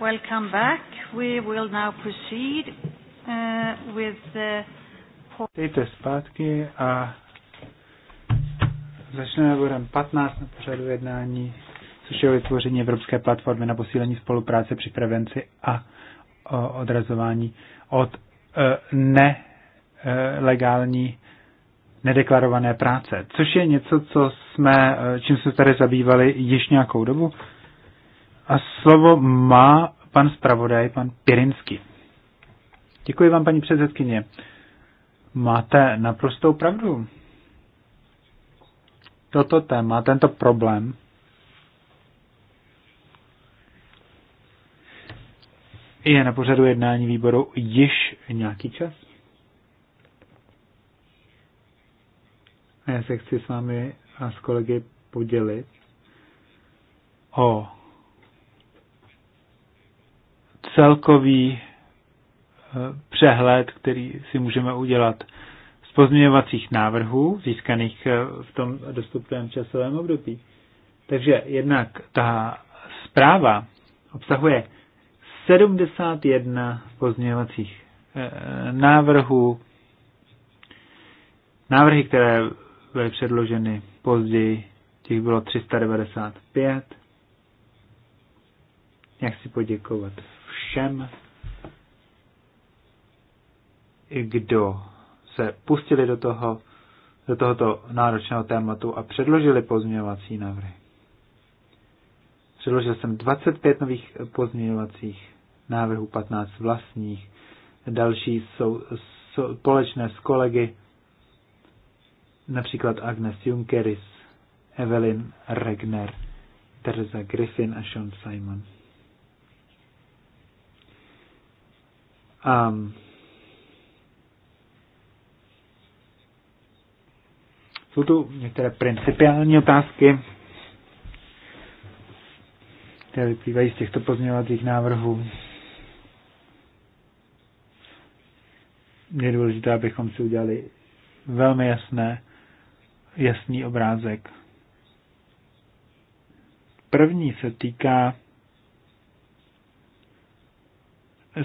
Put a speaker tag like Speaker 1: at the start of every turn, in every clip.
Speaker 1: Welcome back. We will now proceed uh, with the...
Speaker 2: Dejte zpátky a začneme bodem 15 na pořadu jednání, což je vytvoření Evropské platformy na posílení spolupráce při prevenci a odrazování od e, nelegální e, nedeklarované práce, což je něco, co jsme, e, čím jsme tady zabývali již nějakou dobu a slovo má pan zpravodaj, pan Pirinsky. Děkuji vám, paní předsedkyně. Máte naprostou pravdu. Toto téma, tento problém, je na pořadu jednání výboru již nějaký čas. A já se chci s vámi a s kolegy podělit o celkový eh, přehled, který si můžeme udělat z pozměňovacích návrhů získaných eh, v tom dostupném časovém období. Takže jednak ta zpráva obsahuje 71 pozměňovacích eh, návrhů, návrhy, které byly předloženy později, těch bylo 395. Jak si poděkovat všem, kdo se pustili do, toho, do tohoto náročného tématu a předložili pozměňovací návrhy. Předložil jsem 25 nových pozměňovacích návrhů, 15 vlastních. Další jsou společné s kolegy, například Agnes Junkeris, Evelyn Regner, Teresa Griffin a Sean Simons. Um, jsou tu některé principiální otázky, které vyplývají z těchto pozměňovacích návrhů. Je důležité, abychom si udělali velmi jasné, jasný obrázek. První se týká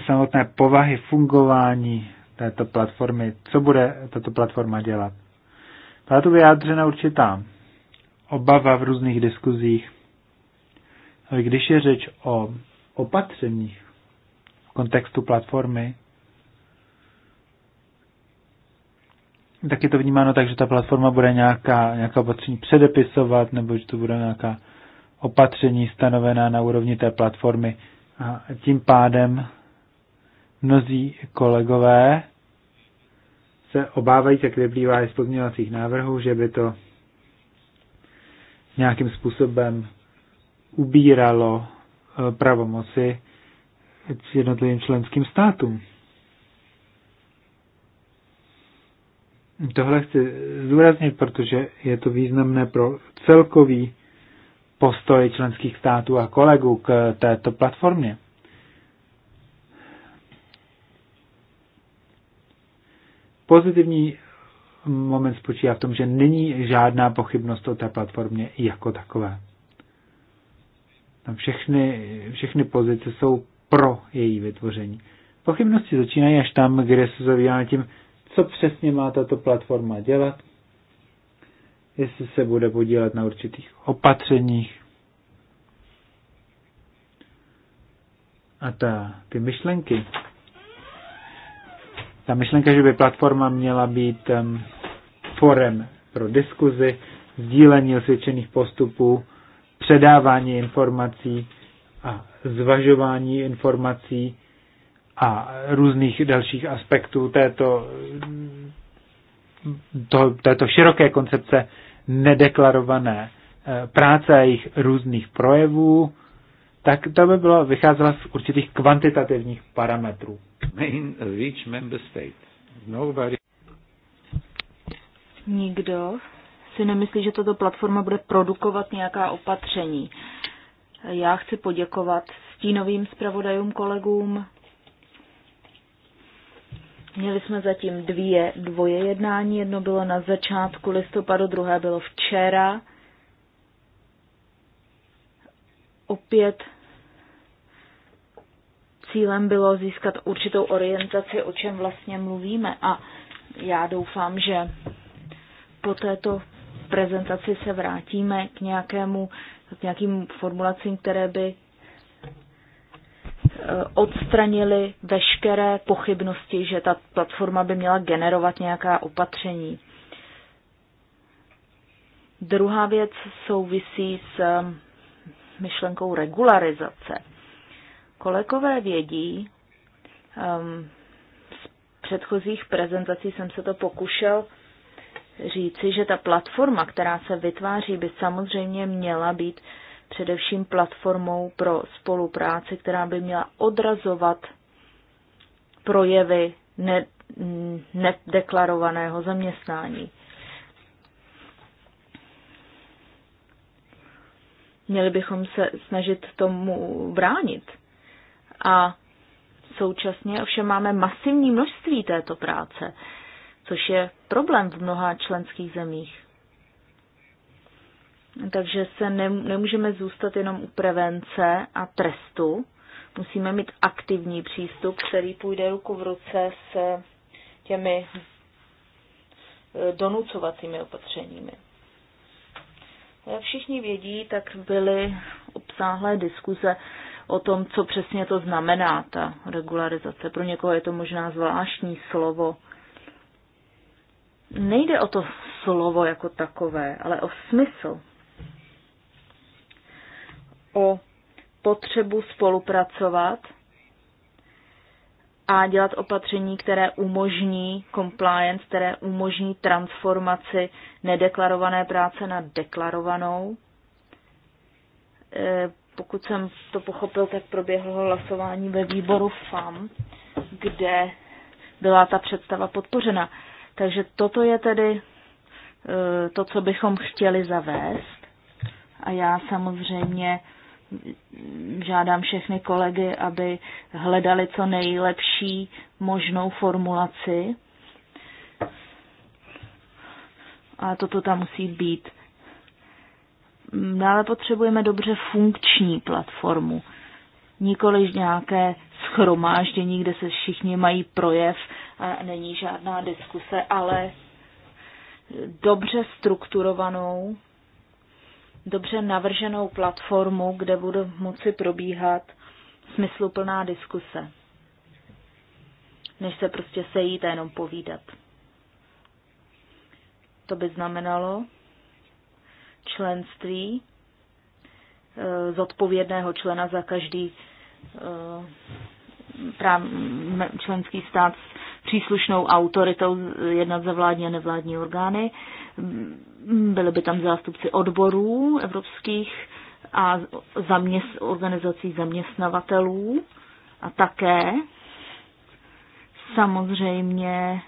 Speaker 2: samotné povahy fungování této platformy, co bude tato platforma dělat. Byla tu vyjádřena určitá obava v různých diskuzích, ale když je řeč o opatřeních v kontextu platformy, tak je to vnímáno tak, že ta platforma bude nějaká, nějaká opatření předepisovat, nebo že to bude nějaká opatření stanovená na úrovni té platformy. A tím pádem Mnozí kolegové se obávají, jak vyplývá i z pozměňovacích návrhů, že by to nějakým způsobem ubíralo eh, pravomoci jednotlivým členským státům. Tohle chci zdůraznit, protože je to významné pro celkový postoj členských států a kolegů k této platformě. Pozitivní moment spočívá v tom, že není žádná pochybnost o té platformě jako takové. Tam všechny, všechny pozice jsou pro její vytvoření. Pochybnosti začínají až tam, kde se zavíráme tím, co přesně má tato platforma dělat, jestli se bude podílet na určitých opatřeních. A ta, ty myšlenky, ta myšlenka, že by platforma měla být um, forem pro diskuzi, sdílení osvědčených postupů, předávání informací a zvažování informací a různých dalších aspektů této, to, této široké koncepce nedeklarované eh, práce a jejich různých projevů, tak to by bylo, vycházela z určitých kvantitativních parametrů. Main of member Nobody...
Speaker 1: Nikdo si nemyslí, že tato platforma bude produkovat nějaká opatření. Já chci poděkovat stínovým zpravodajům, kolegům. Měli jsme zatím dvě dvoje jednání. Jedno bylo na začátku listopadu, druhé bylo včera. Opět cílem bylo získat určitou orientaci, o čem vlastně mluvíme. A já doufám, že po této prezentaci se vrátíme k nějakému, k nějakým formulacím, které by eh, odstranili veškeré pochybnosti, že ta platforma by měla generovat nějaká opatření. Druhá věc souvisí s eh, myšlenkou regularizace Kolegové vědí, um, z předchozích prezentací jsem se to pokušel říci, že ta platforma, která se vytváří, by samozřejmě měla být především platformou pro spolupráci, která by měla odrazovat projevy ne, nedeklarovaného zaměstnání. Měli bychom se snažit tomu bránit a současně ovšem máme masivní množství této práce, což je problém v mnoha členských zemích. Takže se ne, nemůžeme zůstat jenom u prevence a trestu. Musíme mít aktivní přístup, který půjde ruku v ruce s těmi eh, donucovacími opatřeními. Jak všichni vědí, tak byly obsáhlé diskuze o tom, co přesně to znamená, ta regularizace. Pro někoho je to možná zvláštní slovo. Nejde o to slovo jako takové, ale o smysl. O potřebu spolupracovat a dělat opatření, které umožní compliance, které umožní transformaci nedeklarované práce na deklarovanou eh, pokud jsem to pochopil, tak proběhlo hlasování ve výboru FAM, kde byla ta představa podpořena. Takže toto je tedy e, to, co bychom chtěli zavést. A já samozřejmě žádám všechny kolegy, aby hledali co nejlepší možnou formulaci. A toto tam musí být. Dále potřebujeme dobře funkční platformu, nikoliž nějaké schromáždění, kde se všichni mají projev a není žádná diskuse, ale dobře strukturovanou, dobře navrženou platformu, kde bude moci probíhat smysluplná diskuse, než se prostě sejít a jenom povídat. To by znamenalo, členství e, zodpovědného člena za každý e, členský stát s příslušnou autoritou jednat za vládní a nevládní orgány. Byly by tam zástupci odborů evropských a zaměst, organizací zaměstnavatelů a také samozřejmě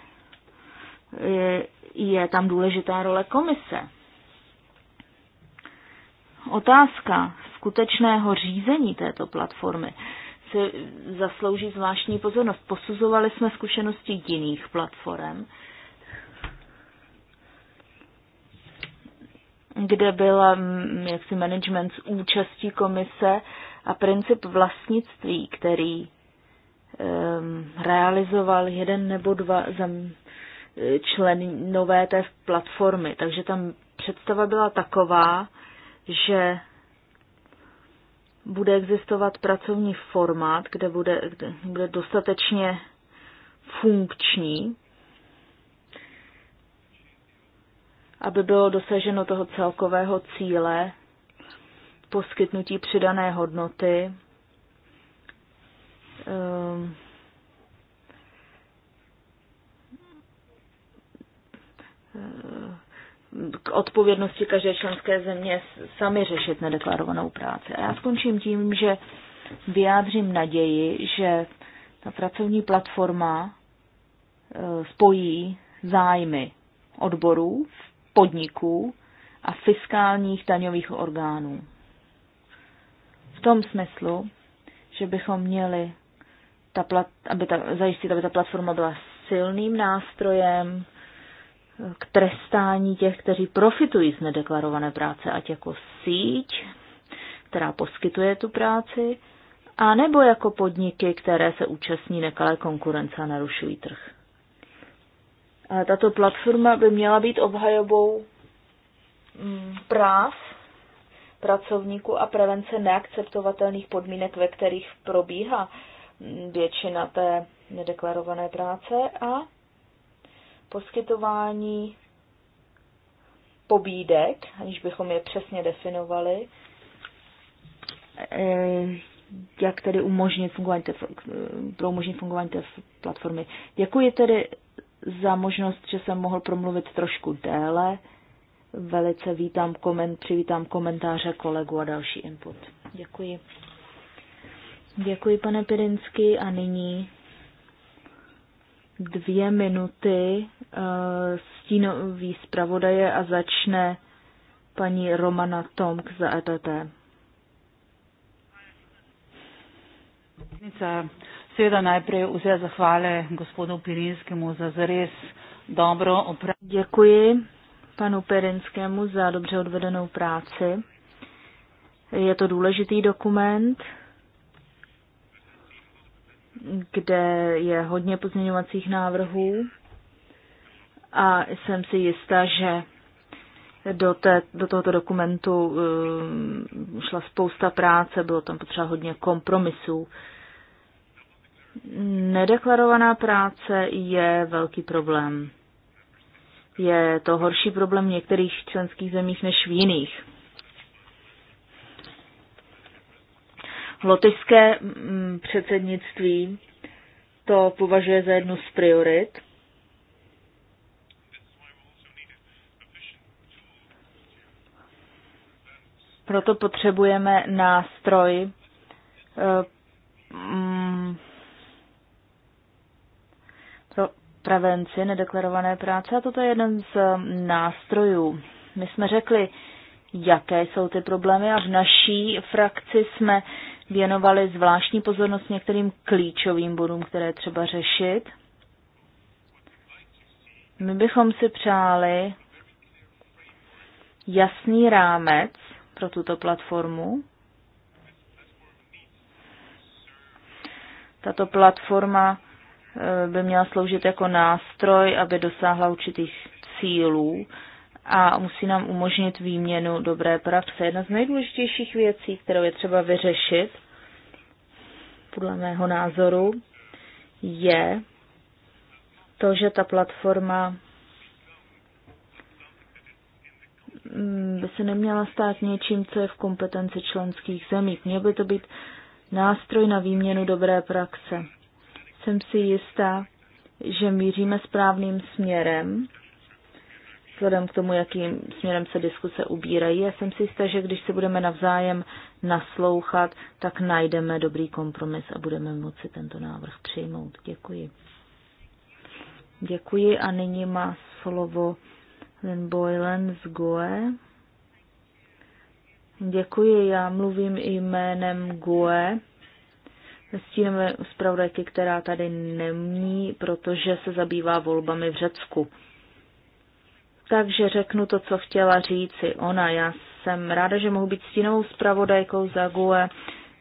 Speaker 1: je, je tam důležitá role komise otázka skutečného řízení této platformy se zaslouží zvláštní pozornost. Posuzovali jsme zkušenosti jiných platform, kde byl mm, jaksi management s účastí komise a princip vlastnictví, který um, realizoval jeden nebo dva zam, eh, členové té platformy. Takže tam představa byla taková, že bude existovat pracovní formát, kde bude, kde bude dostatečně funkční, aby bylo dosaženo toho celkového cíle poskytnutí přidané hodnoty, ehm, ehm, k odpovědnosti každé členské země sami řešit nedeklarovanou práci. A já skončím tím, že vyjádřím naději, že ta pracovní platforma e, spojí zájmy odborů, podniků a fiskálních daňových orgánů. V tom smyslu, že bychom měli ta plat, aby ta, zajistit, aby ta platforma byla silným nástrojem, k trestání těch, kteří profitují z nedeklarované práce, ať jako síť, která poskytuje tu práci, a nebo jako podniky, které se účastní nekalé konkurence a narušují trh. A tato platforma by měla být obhajobou mm, práv pracovníků a prevence neakceptovatelných podmínek, ve kterých probíhá mm, většina té nedeklarované práce a Poskytování pobídek, aniž bychom je přesně definovali, eh, jak tedy umožnit fungování té, eh, pro umožnit fungování té platformy. Děkuji tedy za možnost, že jsem mohl promluvit trošku déle. Velice vítám koment, přivítám komentáře kolegu a další input. Děkuji. Děkuji, pane Pirinsky, a nyní dvě minuty eh, stínový zpravodaje a začne paní Romana Tomk za EPP. Seveda najprej vse zahvale gospodu Pirinskemu za zares dobro opravljeno. Děkuji panu Perinskému za dobře odvedenou práci. Je to důležitý dokument, kde je hodně pozměňovacích návrhů a jsem si jistá, že do, té, do tohoto dokumentu um, šla spousta práce, bylo tam potřeba hodně kompromisů. Nedeklarovaná práce je velký problém. Je to horší problém v některých členských zemích než v jiných. Lotyšské mm, předsednictví to považuje za jednu z priorit. Proto potřebujeme nástroj eh, mm, pro prevenci nedeklarované práce a toto je jeden z eh, nástrojů. My jsme řekli, jaké jsou ty problémy a v naší frakci jsme věnovali zvláštní pozornost některým klíčovým bodům, které třeba řešit. My bychom si přáli jasný rámec pro tuto platformu. Tato platforma eh, by měla sloužit jako nástroj, aby dosáhla určitých cílů, a musí nám umožnit výměnu dobré praxe. Jedna z nejdůležitějších věcí, kterou je třeba vyřešit, podle mého názoru, je to, že ta platforma by se neměla stát něčím, co je v kompetenci členských zemí. Měl by to být nástroj na výměnu dobré praxe. Jsem si jistá, že míříme správným směrem vzhledem k tomu, jakým směrem se diskuse ubírají. Já jsem si jistá, že když se budeme navzájem naslouchat, tak najdeme dobrý kompromis a budeme moci tento návrh přijmout. Děkuji. Děkuji a nyní má slovo Lynn Boylan z GUE. Děkuji, já mluvím jménem GUE. Stíneme zpravodajky, která tady nemní, protože se zabývá volbami v Řecku. Takže řeknu to, co chtěla říci ona. Já jsem ráda, že mohu být stínovou zpravodajkou za GUE.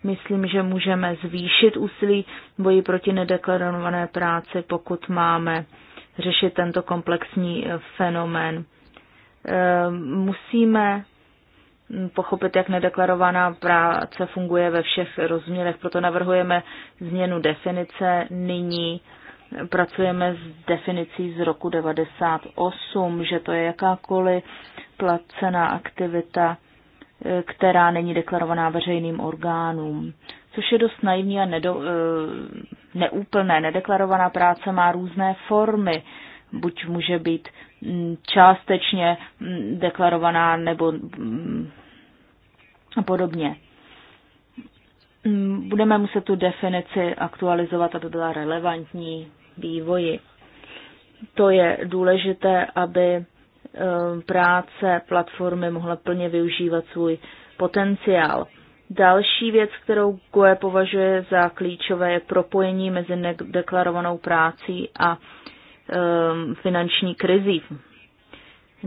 Speaker 1: Myslím, že můžeme zvýšit úsilí boji proti nedeklarované práci, pokud máme řešit tento komplexní eh, fenomén. Eh, musíme pochopit, jak nedeklarovaná práce funguje ve všech rozměrech, proto navrhujeme změnu definice nyní pracujeme s definicí z roku 98, že to je jakákoliv placená aktivita, e, která není deklarovaná veřejným orgánům. Což je dost naivní a nedo, e, neúplné. Nedeklarovaná práce má různé formy. Buď může být částečně deklarovaná nebo podobně. Mm, budeme muset tu definici aktualizovat, aby byla relevantní vývoji. To je důležité, aby eh, práce platformy mohla plně využívat svůj potenciál. Další věc, kterou GOE považuje za klíčové, je propojení mezi deklarovanou prácí a eh, finanční krizí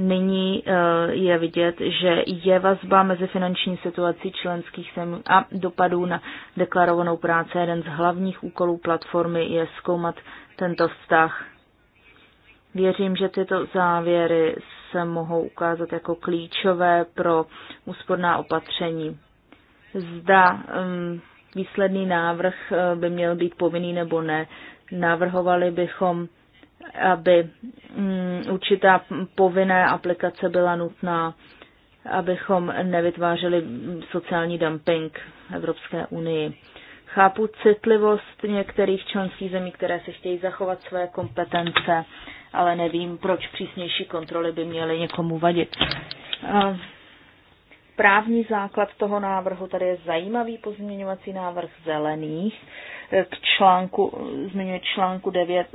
Speaker 1: nyní eh, je vidět, že je vazba mezi finanční situací členských zemí a dopadů na deklarovanou práci. Jeden z hlavních úkolů platformy je zkoumat tento vztah. Věřím, že tyto závěry se mohou ukázat jako klíčové pro úsporná opatření. Zda um, výsledný návrh eh, by měl být povinný nebo ne, navrhovali bychom aby mm, určitá povinná aplikace byla nutná, abychom nevytvářeli sociální dumping Evropské unii. Chápu citlivost některých členských zemí, které se chtějí zachovat své kompetence, ale nevím, proč přísnější kontroly by měly někomu vadit právní základ toho návrhu. Tady je zajímavý pozměňovací návrh zelených k článku, zmiňuje článku 9,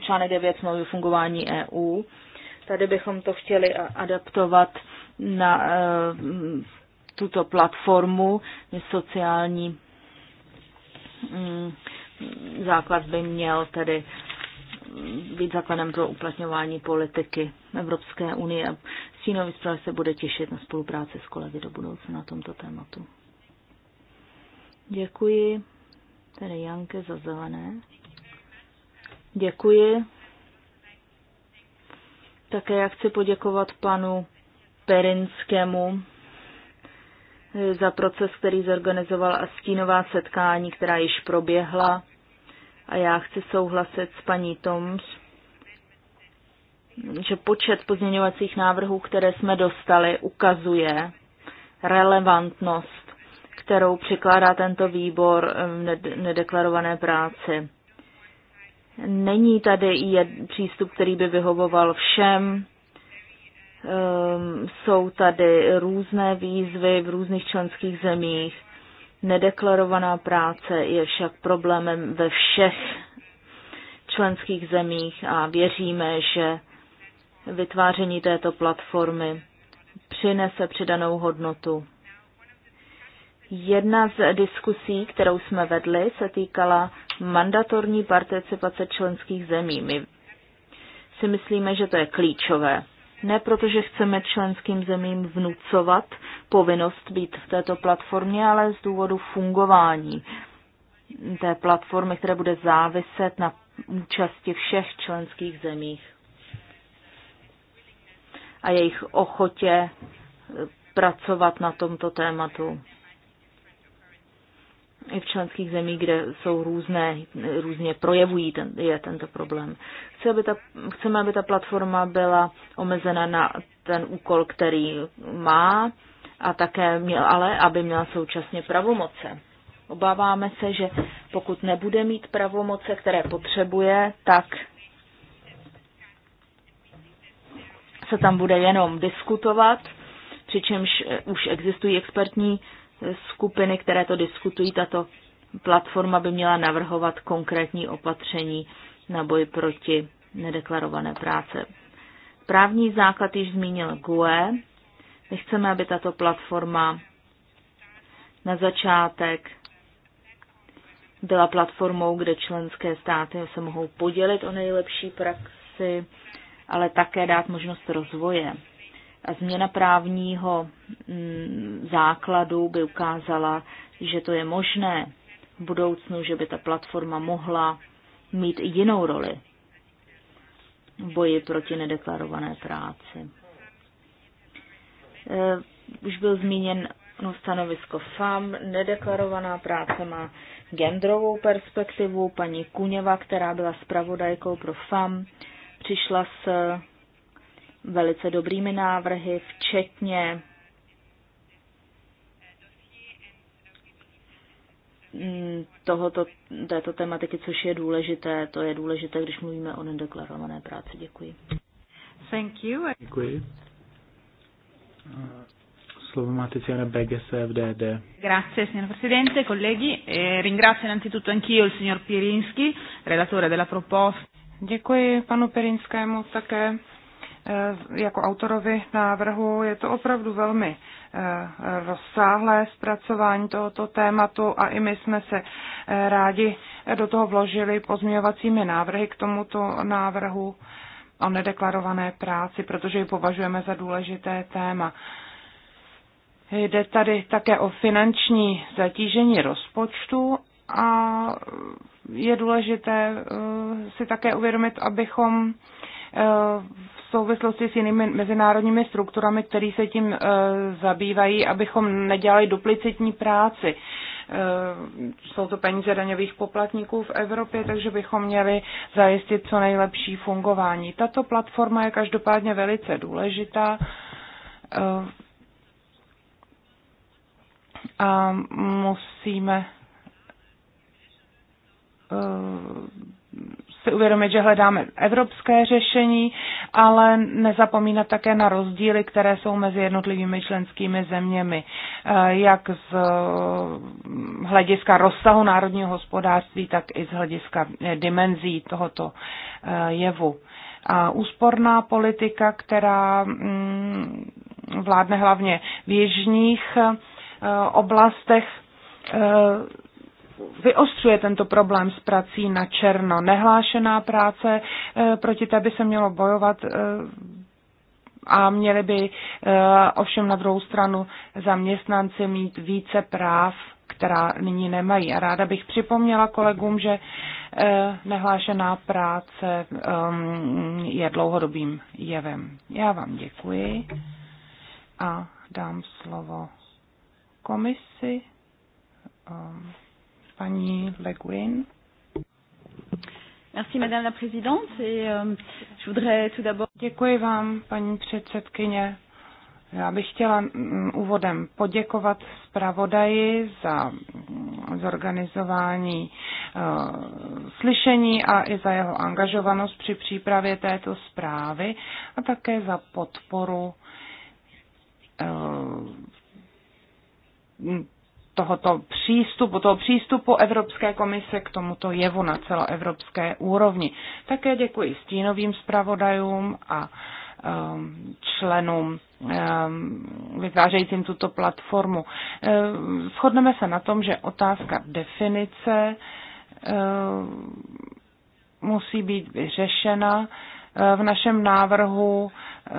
Speaker 1: článek 9 smlouvy fungování EU. Tady bychom to chtěli adaptovat na eh, tuto platformu. Sociální mm, základ by měl tedy být základem pro uplatňování politiky Evropské unie. a Stínový zprav se bude těšit na spolupráci s kolegy do budoucna na tomto tématu. Děkuji tady Janke za zelené. Děkuji. Také já chci poděkovat panu Perinskému za proces, který zorganizoval a stínová setkání, která již proběhla a já chci souhlasit s paní Toms, že počet pozměňovacích návrhů, které jsme dostali, ukazuje relevantnost, kterou přikládá tento výbor ehm, nedeklarované práci. Není tady přístup, který by vyhovoval všem. Ehm, jsou tady různé výzvy v různých členských zemích Nedeklarovaná práce je však problémem ve všech členských zemích a věříme, že vytváření této platformy přinese přidanou hodnotu. Jedna z diskusí, kterou jsme vedli, se týkala mandatorní participace členských zemí. My si myslíme, že to je klíčové ne protože chceme členským zemím vnucovat povinnost být v této platformě, ale z důvodu fungování té platformy, které bude záviset na účasti všech členských zemích a jejich ochotě pracovat na tomto tématu i v členských zemích, kde jsou různé, různě projevují ten, je tento problém. Chci, aby ta, chceme, aby ta platforma byla omezena na ten úkol, který má, a také měl, ale aby měla současně pravomoce. Obáváme se, že pokud nebude mít pravomoce, které potřebuje, tak se tam bude jenom diskutovat, přičemž už existují expertní skupiny, které to diskutují. Tato platforma by měla navrhovat konkrétní opatření na boj proti nedeklarované práce. Právní základ již zmínil GUE. My chceme, aby tato platforma na začátek byla platformou, kde členské státy se mohou podělit o nejlepší praxi, ale také dát možnost rozvoje. A změna právního mm, základu by ukázala, že to je možné v budoucnu, že by ta platforma mohla mít i jinou roli v boji proti nedeklarované práci. E, už byl zmíněn No, stanovisko FAM, nedeklarovaná práce má genderovou perspektivu. Paní Kuněva, která byla spravodajkou pro FAM, přišla s velice dobrými návrhy, včetně mm, tohoto, této tematiky, což je důležité. To je důležité, když mluvíme o nedeklarované práci. Děkuji.
Speaker 2: Thank you. Děkuji. Slovo má Tiziana FDD.
Speaker 3: Grazie, signor Presidente, colleghi. E ringrazio innanzitutto anch'io il signor Pirinski, relatore della proposta. Děkuji panu Pirinskému také Eh, jako autorovi návrhu. Je to opravdu velmi eh, rozsáhlé zpracování tohoto tématu a i my jsme se eh, rádi do toho vložili pozměňovacími návrhy k tomuto návrhu o nedeklarované práci, protože ji považujeme za důležité téma. Jde tady také o finanční zatížení rozpočtu a je důležité si také uvědomit, abychom Eh, v souvislosti s jinými mezinárodními strukturami, které se tím eh, zabývají, abychom nedělali duplicitní práci. Eh, jsou to peníze daňových poplatníků v Evropě, takže bychom měli zajistit co nejlepší fungování. Tato platforma je každopádně velice důležitá. A musíme si uvědomit, že hledáme evropské řešení, ale nezapomínat také na rozdíly, které jsou mezi jednotlivými členskými zeměmi, eh, jak z eh, hlediska rozsahu národního hospodářství, tak i z hlediska eh, dimenzí tohoto jevu. A úsporná politika, která mm, vládne hlavně v jižních oblastech, vyostřuje tento problém s prací na černo. Nehlášená práce, e, proti té by se mělo bojovat e, a měli by e, ovšem na druhou stranu zaměstnanci mít více práv, která nyní nemají. A ráda bych připomněla kolegům, že nehlášená práce um, je dlouhodobým jevem. Já vám děkuji a dám slovo komisi. Um, paní Guin. Merci, madame la présidente. Et, euh, je voudrais tout d'abord... Děkuji vám, paní předsedkyně. Já bych chtěla mm, úvodem poděkovat zpravodaji za mm, zorganizování eh, slyšení a i za jeho angažovanost při přípravě této zprávy a také za podporu eh, tohoto přístupu, toho přístupu Evropské komise k tomuto jevu na celoevropské úrovni. Také děkuji stínovým zpravodajům a ehm, členům ehm, vytvářejícím tuto platformu. Ehm, shodneme se na tom, že otázka definice musí být vyřešena v našem návrhu eh,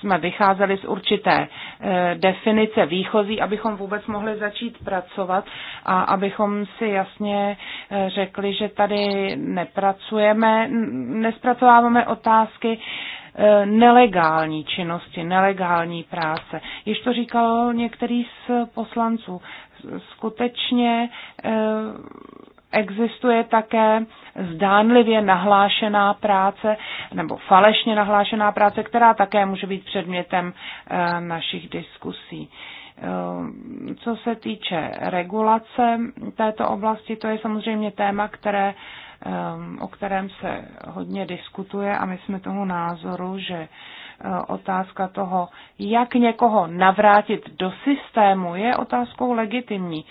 Speaker 3: jsme vycházeli z určité eh, definice výchozí, abychom vůbec mohli začít pracovat a abychom si jasně eh, řekli, že tady nepracujeme, nespracováváme otázky nelegální činnosti, nelegální práce. Již to říkal některý z poslanců. Skutečně existuje také zdánlivě nahlášená práce nebo falešně nahlášená práce, která také může být předmětem eh, našich diskusí. Eh, co se týče regulace této oblasti, to je samozřejmě téma, které, eh, o kterém se hodně diskutuje a my jsme toho názoru, že otázka toho, jak někoho navrátit do systému, je otázkou legitimní.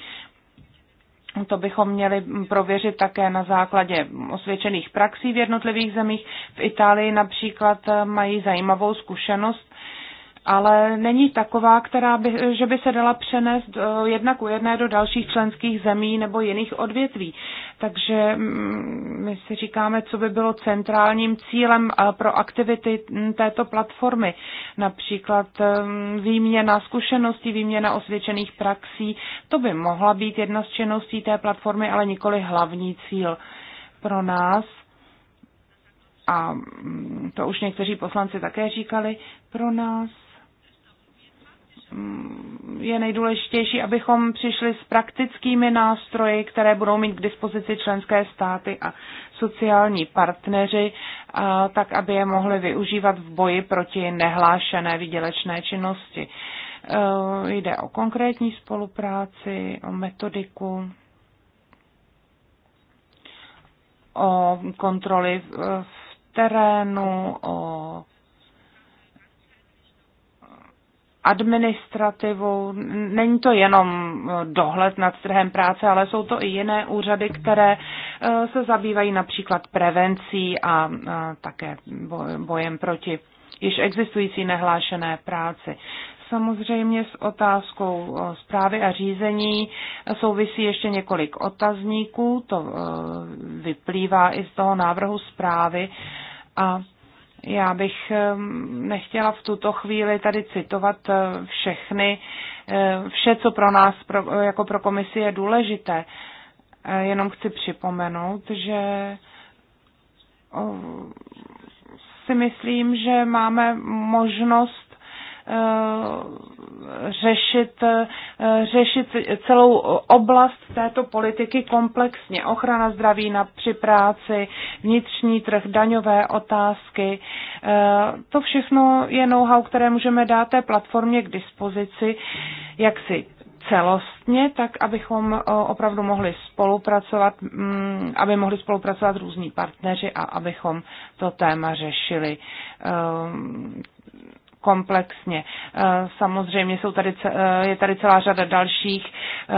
Speaker 3: To bychom měli prověřit také na základě osvědčených praxí v jednotlivých zemích. V Itálii například eh, mají zajímavou zkušenost ale není taková, která by, že by se dala přenést eh, jedna ku jedné do dalších členských zemí nebo jiných odvětví. Takže mm, my si říkáme, co by bylo centrálním cílem eh, pro aktivity mm, této platformy. Například mm, výměna zkušeností, výměna osvědčených praxí. To by mohla být jedna z činností té platformy, ale nikoli hlavní cíl pro nás a to už někteří poslanci také říkali pro nás, je nejdůležitější, abychom přišli s praktickými nástroji, které budou mít k dispozici členské státy a sociální partneři, tak aby je mohli využívat v boji proti nehlášené výdělečné činnosti. E, jde o konkrétní spolupráci, o metodiku, o kontroly v terénu, o administrativu. Není to jenom eh, dohled nad trhem práce, ale jsou to i jiné úřady, které eh, se zabývají například prevencí a eh, také bojem proti již existující nehlášené práci. Samozřejmě s otázkou zprávy a řízení souvisí ještě několik otazníků, to vyplývá i z toho návrhu zprávy a já bych ehm, nechtěla v tuto chvíli tady citovat eh, všechny, eh, vše, co pro nás pro, jako pro komisi je důležité. Eh, jenom chci připomenout, že si myslím, že máme možnost Eh, řešit, eh, řešit celou oblast této politiky komplexně. Ochrana zdraví na, při práci, vnitřní trh, daňové otázky. Eh, to všechno je know-how, které můžeme dát té platformě k dispozici, jak si celostně, tak abychom opravdu mohli spolupracovat, mm, aby mohli spolupracovat různí partneři a abychom to téma řešili komplexně. Eh, samozřejmě jsou tady, eh, je tady celá řada dalších eh,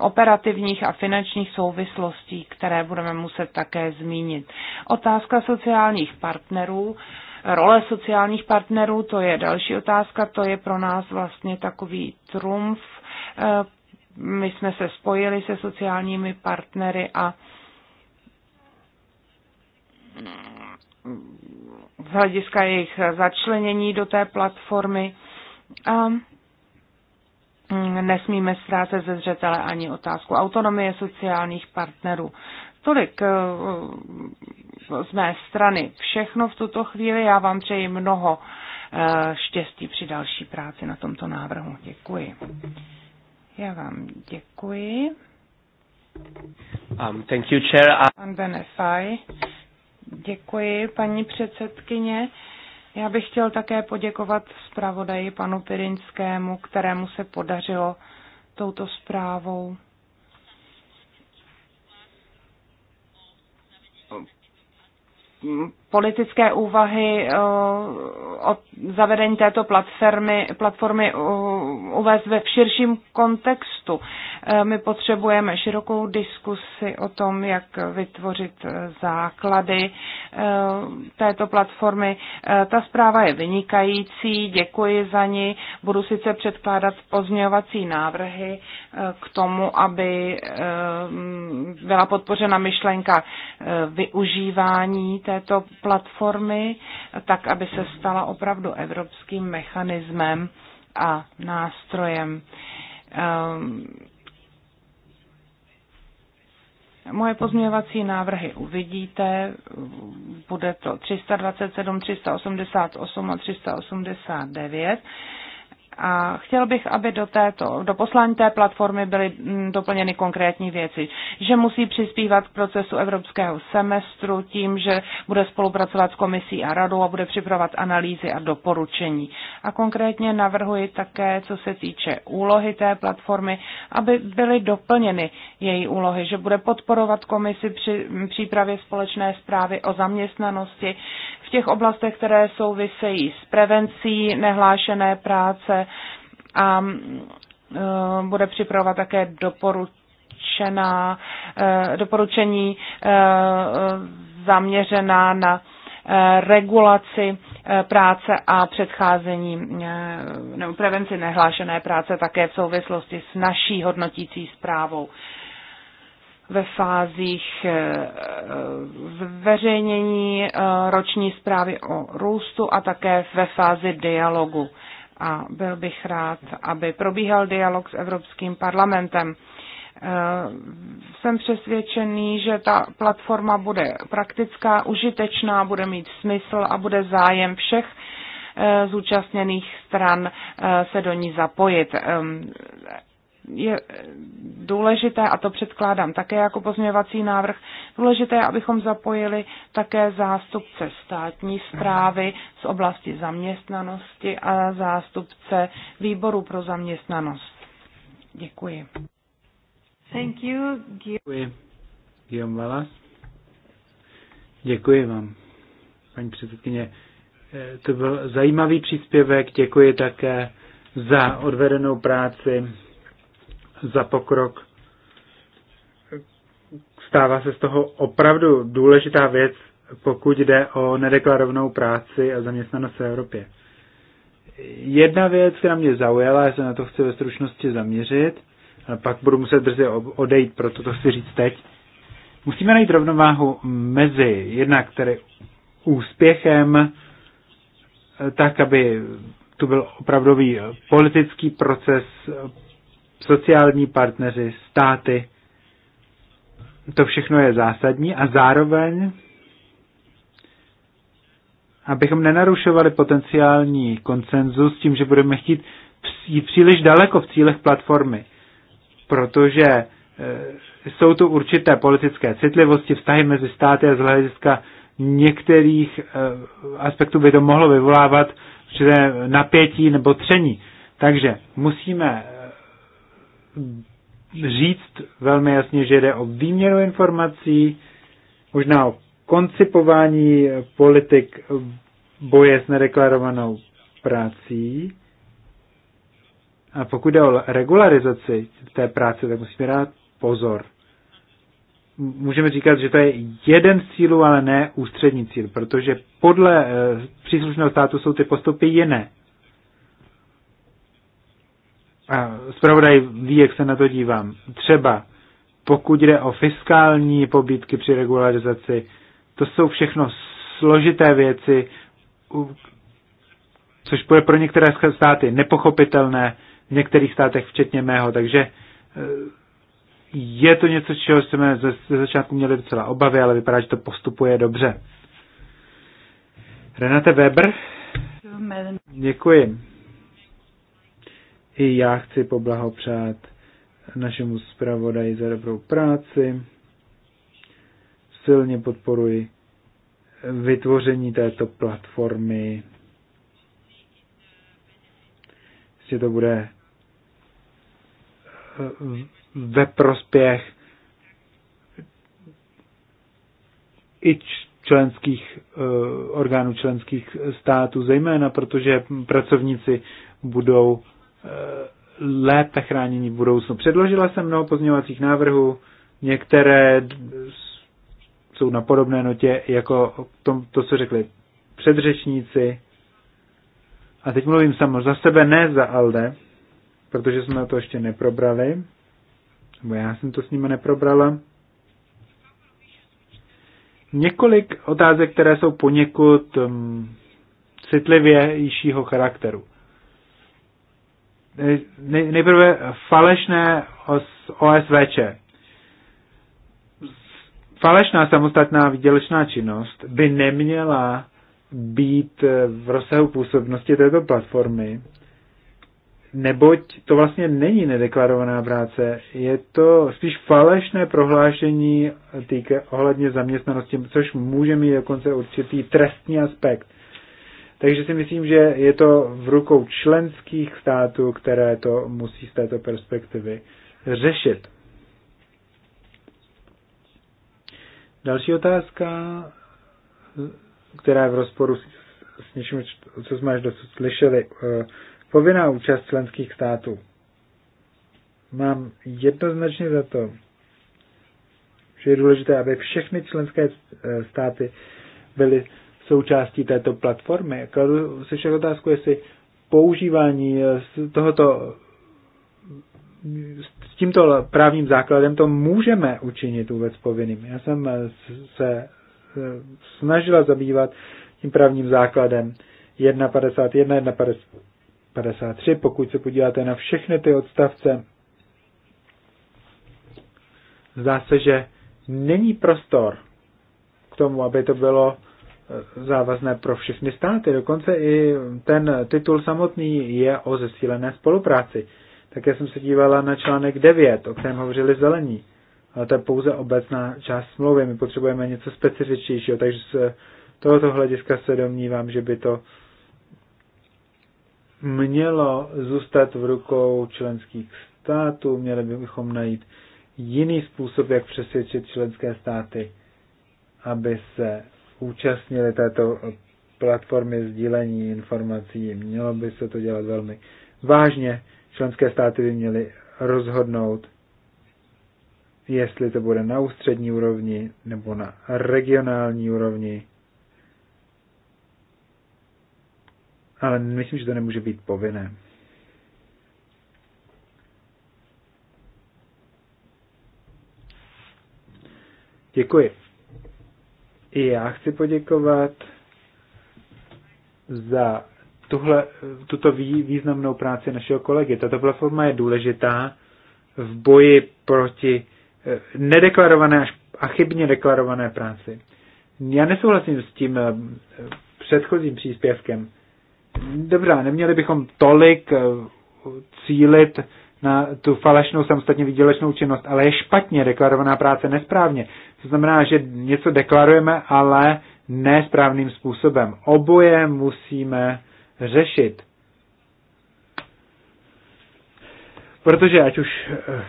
Speaker 3: operativních a finančních souvislostí, které budeme muset také zmínit. Otázka sociálních partnerů. Role sociálních partnerů, to je další otázka, to je pro nás vlastně takový trumf. My jsme se spojili se sociálními partnery a z hlediska jejich začlenění do té platformy a mm, nesmíme ztrácet ze zřetele ani otázku autonomie sociálních partnerů. Tolik eh, eh, z mé strany všechno v tuto chvíli. Já vám přeji mnoho eh, štěstí při další práci na tomto návrhu. Děkuji. Já vám děkuji.
Speaker 2: Um, thank you, Chair.
Speaker 3: Uh... Děkuji, paní předsedkyně. Já bych chtěl také poděkovat zpravodaji panu Pirinskému, kterému se podařilo touto zprávou hm, politické úvahy eh, o zavedení této platformy, platformy eh, uvést ve širším kontextu. Eh, my potřebujeme širokou diskusi o tom, jak vytvořit základy této platformy. Ta zpráva je vynikající, děkuji za ní. Budu sice předkládat pozměňovací návrhy k tomu, aby byla podpořena myšlenka využívání této platformy, tak aby se stala opravdu evropským mechanismem a nástrojem. Ehm, moje pozměňovací návrhy uvidíte, bude to 327, 388 a 389. A chtěl bych, aby do, této, do poslání té platformy byly mm, doplněny konkrétní věci, že musí přispívat k procesu evropského semestru tím, že bude spolupracovat s komisí a radou a bude připravovat analýzy a doporučení. A konkrétně navrhuji také, co se týče úlohy té platformy, aby byly doplněny její úlohy, že bude podporovat komisi při mm, přípravě společné zprávy o zaměstnanosti, v těch oblastech, které souvisejí s prevencí nehlášené práce a mm, eh, bude připravovat také doporučená, eh, doporučení eh, zaměřená na regulaci práce a předcházení nebo prevenci nehlášené práce také v souvislosti s naší hodnotící zprávou ve fázích eh, zveřejnění eh, roční zprávy o růstu a také ve fázi dialogu. A byl bych rád, aby probíhal dialog s Evropským parlamentem. Eh, jsem přesvědčený, že ta platforma bude praktická, užitečná, bude mít smysl a bude zájem všech zúčastněných stran se do ní zapojit. Ehm, je důležité, a to předkládám také jako pozměvací návrh, důležité, abychom zapojili také zástupce státní zprávy z oblasti zaměstnanosti a zástupce výboru pro zaměstnanost. Děkuji. Thank you.
Speaker 2: Děkuji. Guillaume Valas. Děkuji vám, paní předsedkyně. Eh, to byl zajímavý příspěvek. Děkuji také za odvedenou práci za pokrok. Stává se z toho opravdu důležitá věc, pokud jde o nedeklarovanou práci a zaměstnanost v Evropě. Jedna věc, která mě zaujala, já se na to chci ve stručnosti zaměřit, a pak budu muset brzy odejít, proto to chci říct teď. Musíme najít rovnováhu mezi jednak který úspěchem, eh, tak, aby tu byl opravdový eh, politický proces sociální partneři, státy. To všechno je zásadní a zároveň, abychom nenarušovali potenciální konsenzus tím, že budeme chtít jít příliš daleko v cílech platformy, protože e, jsou tu určité politické citlivosti, vztahy mezi státy a z hlediska některých e, aspektů by to mohlo vyvolávat napětí nebo tření. Takže musíme říct velmi jasně, že jde o výměnu informací, možná o koncipování politik boje s nedeklarovanou prací, A pokud jde o regularizaci té práce, tak musíme dát pozor. Můžeme říkat, že to je jeden z cílů, ale ne ústřední cíl, protože podle eh, příslušného státu jsou ty postupy jiné zpravodaj ví, jak se na to dívám. Třeba pokud jde o fiskální pobídky při regularizaci, to jsou všechno složité věci, což bude pro některé státy nepochopitelné, v některých státech, včetně mého, takže eh, je to něco, čeho jsme ze začátku měli docela obavy, ale vypadá, že to postupuje dobře. Renate Weber. Děkuji. I já chci poblahopřát našemu zpravodaji za dobrou práci. Silně podporuji vytvoření této platformy. Jestli to bude eh, ve prospěch i členských eh, orgánů členských států, zejména protože pracovníci budou Eh, lépe chránění v budoucnu. Předložila jsem mnoho pozměňovacích návrhů, některé jsou na podobné notě jako tom, to, co řekli předřečníci. A teď mluvím samo za sebe, ne za Alde, protože jsme to ještě neprobrali, nebo já jsem to s nimi neprobrala. Několik otázek, které jsou poněkud um, mm, citlivějšího charakteru nejprve falešné OSVČ. Falešná samostatná výdělečná činnost by neměla být eh, v rozsahu působnosti této platformy, neboť to vlastně není nedeklarovaná práce, je to spíš falešné prohlášení týka ohledně zaměstnanosti, což může mít dokonce určitý trestní aspekt. Takže si myslím, že je to v rukou členských států, které to musí z této perspektivy řešit. Další otázka, která je v rozporu s, s něčím, co jsme až dosud slyšeli. Eh, povinná účast členských států. Mám jednoznačně za to, že je důležité, aby všechny členské eh, státy byly součástí této platformy. Kladu si však otázku, jestli používání eh, tohoto s tímto právním základem to můžeme učinit vůbec povinným. Já jsem eh, se eh, snažila zabývat tím právním základem 1.51, 1.53, pokud se podíváte na všechny ty odstavce, zdá se, že není prostor k tomu, aby to bylo závazné pro všechny státy. Dokonce i ten titul samotný je o zesílené spolupráci. Také jsem se dívala na článek 9, o kterém hovořili zelení. Ale to je pouze obecná část smlouvy. My potřebujeme něco specifičtějšího, takže z tohoto hlediska se domnívám, že by to mělo zůstat v rukou členských států. Měli bychom najít jiný způsob, jak přesvědčit členské státy, aby se účastnili této platformy sdílení informací. Mělo by se to dělat velmi vážně. Členské státy by měly rozhodnout, jestli to bude na ústřední úrovni nebo na regionální úrovni. Ale myslím, že to nemůže být povinné. Děkuji. I já chci poděkovat za tuhle, tuto významnou práci našeho kolegy. Tato platforma je důležitá v boji proti eh, nedeklarované až a chybně deklarované práci. Já nesouhlasím s tím eh, předchozím příspěvkem. Dobrá, neměli bychom tolik eh, cílit na tu falešnou samostatně výdělečnou činnost, ale je špatně deklarovaná práce nesprávně. To znamená, že něco deklarujeme, ale nesprávným způsobem. Oboje musíme řešit. Protože ať už eh,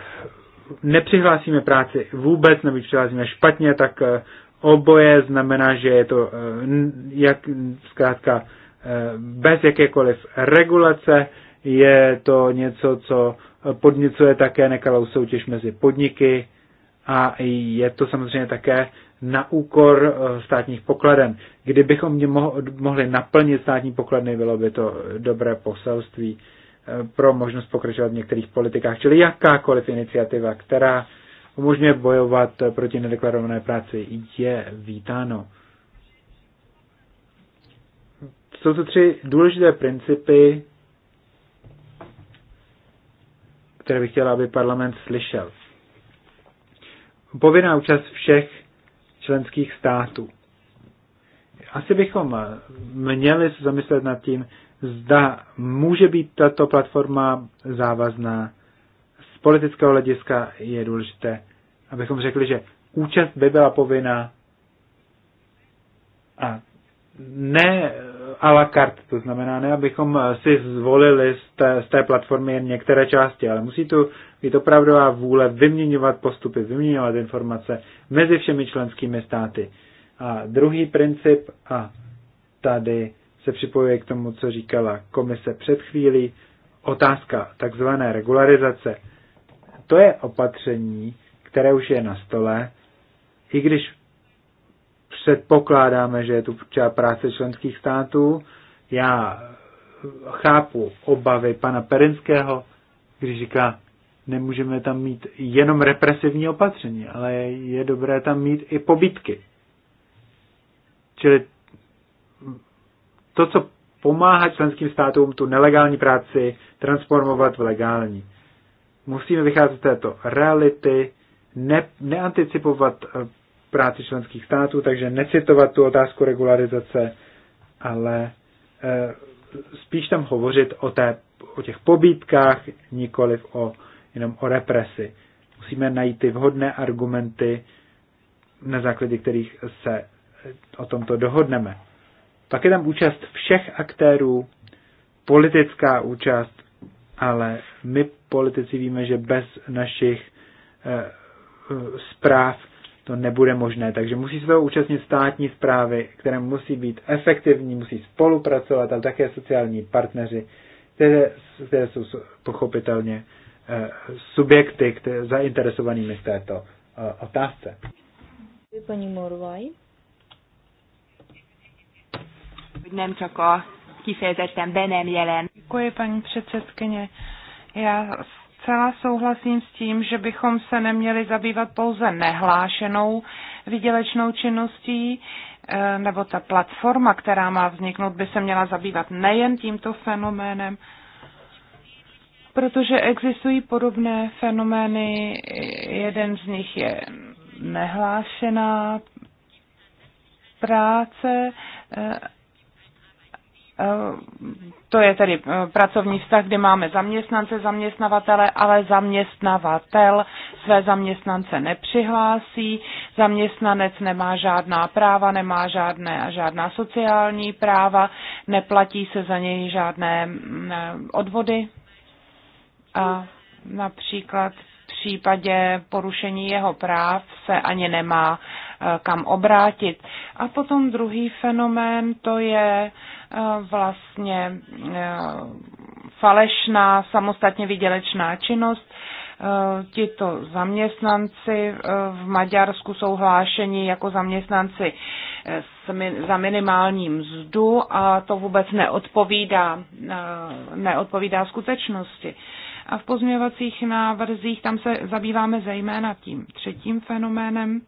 Speaker 2: nepřihlásíme práci vůbec, nebo přihlásíme špatně, tak eh, oboje znamená, že je to eh, jak, zkrátka bez jakékoliv regulace, je to něco, co podnicuje také nekalou soutěž mezi podniky a je to samozřejmě také na úkor eh, státních pokladen. Kdybychom mohli naplnit státní pokladny, bylo by to dobré poselství eh, pro možnost pokračovat v některých politikách, čili jakákoliv iniciativa, která umožňuje bojovat proti nedeklarované práci, je vítáno. Jsou to tři důležité principy, které bych chtěla, aby parlament slyšel. Povinná účast všech členských států. Asi bychom měli se zamyslet nad tím, zda může být tato platforma závazná. Z politického hlediska je důležité, abychom řekli, že účast by byla povinná a ne a la carte, to znamená ne, abychom eh, si zvolili z té, z té platformy jen některé části, ale musí tu být opravdová vůle vyměňovat postupy, vyměňovat informace mezi všemi členskými státy. A druhý princip, a tady se připojuje k tomu, co říkala komise před chvílí, otázka takzvané regularizace. To je opatření, které už je na stole, i když předpokládáme, že je tu třeba práce členských států. Já chápu obavy pana Perinského, když říká, nemůžeme tam mít jenom represivní opatření, ale je dobré tam mít i pobytky. Čili to, co pomáhá členským státům tu nelegální práci transformovat v legální. Musíme vycházet z této reality, ne, neanticipovat eh, práci členských států, takže necitovat tu otázku regularizace, ale eh, spíš tam hovořit o, té, o těch pobítkách, nikoliv o, jenom o represi. Musíme najít ty vhodné argumenty, na základě kterých se eh, o tomto dohodneme. Pak je tam účast všech aktérů, politická účast, ale my politici víme, že bez našich eh, zpráv to nebude možné. Takže musí se toho účastnit státní zprávy, které musí být efektivní, musí spolupracovat, ale také sociální partneři, které, které jsou pochopitelně eh, subjekty které, zainteresovanými v této eh, otázce.
Speaker 3: Paní Morvaj. Nem csak a kifejezetten be nem jelen. Děkuji, paní předsedkyně. Já zcela souhlasím s tím, že bychom se neměli zabývat pouze nehlášenou výdělečnou činností, eh, nebo ta platforma, která má vzniknout, by se měla zabývat nejen tímto fenoménem, protože existují podobné fenomény. Jeden z nich je nehlášená práce eh, to je tedy eh, pracovní vztah, kde máme zaměstnance, zaměstnavatele, ale zaměstnavatel své zaměstnance nepřihlásí, zaměstnanec nemá žádná práva, nemá žádné, žádná sociální práva, neplatí se za něj žádné mm, eh, odvody. A například v případě porušení jeho práv se ani nemá Eh, kam obrátit. A potom druhý fenomén to je eh, vlastně eh, falešná samostatně vydělečná činnost. Tito zaměstnanci v Maďarsku jsou hlášeni jako zaměstnanci za minimální mzdu a to vůbec neodpovídá, neodpovídá skutečnosti. A v pozměvacích návrzích tam se zabýváme zejména tím třetím fenoménem,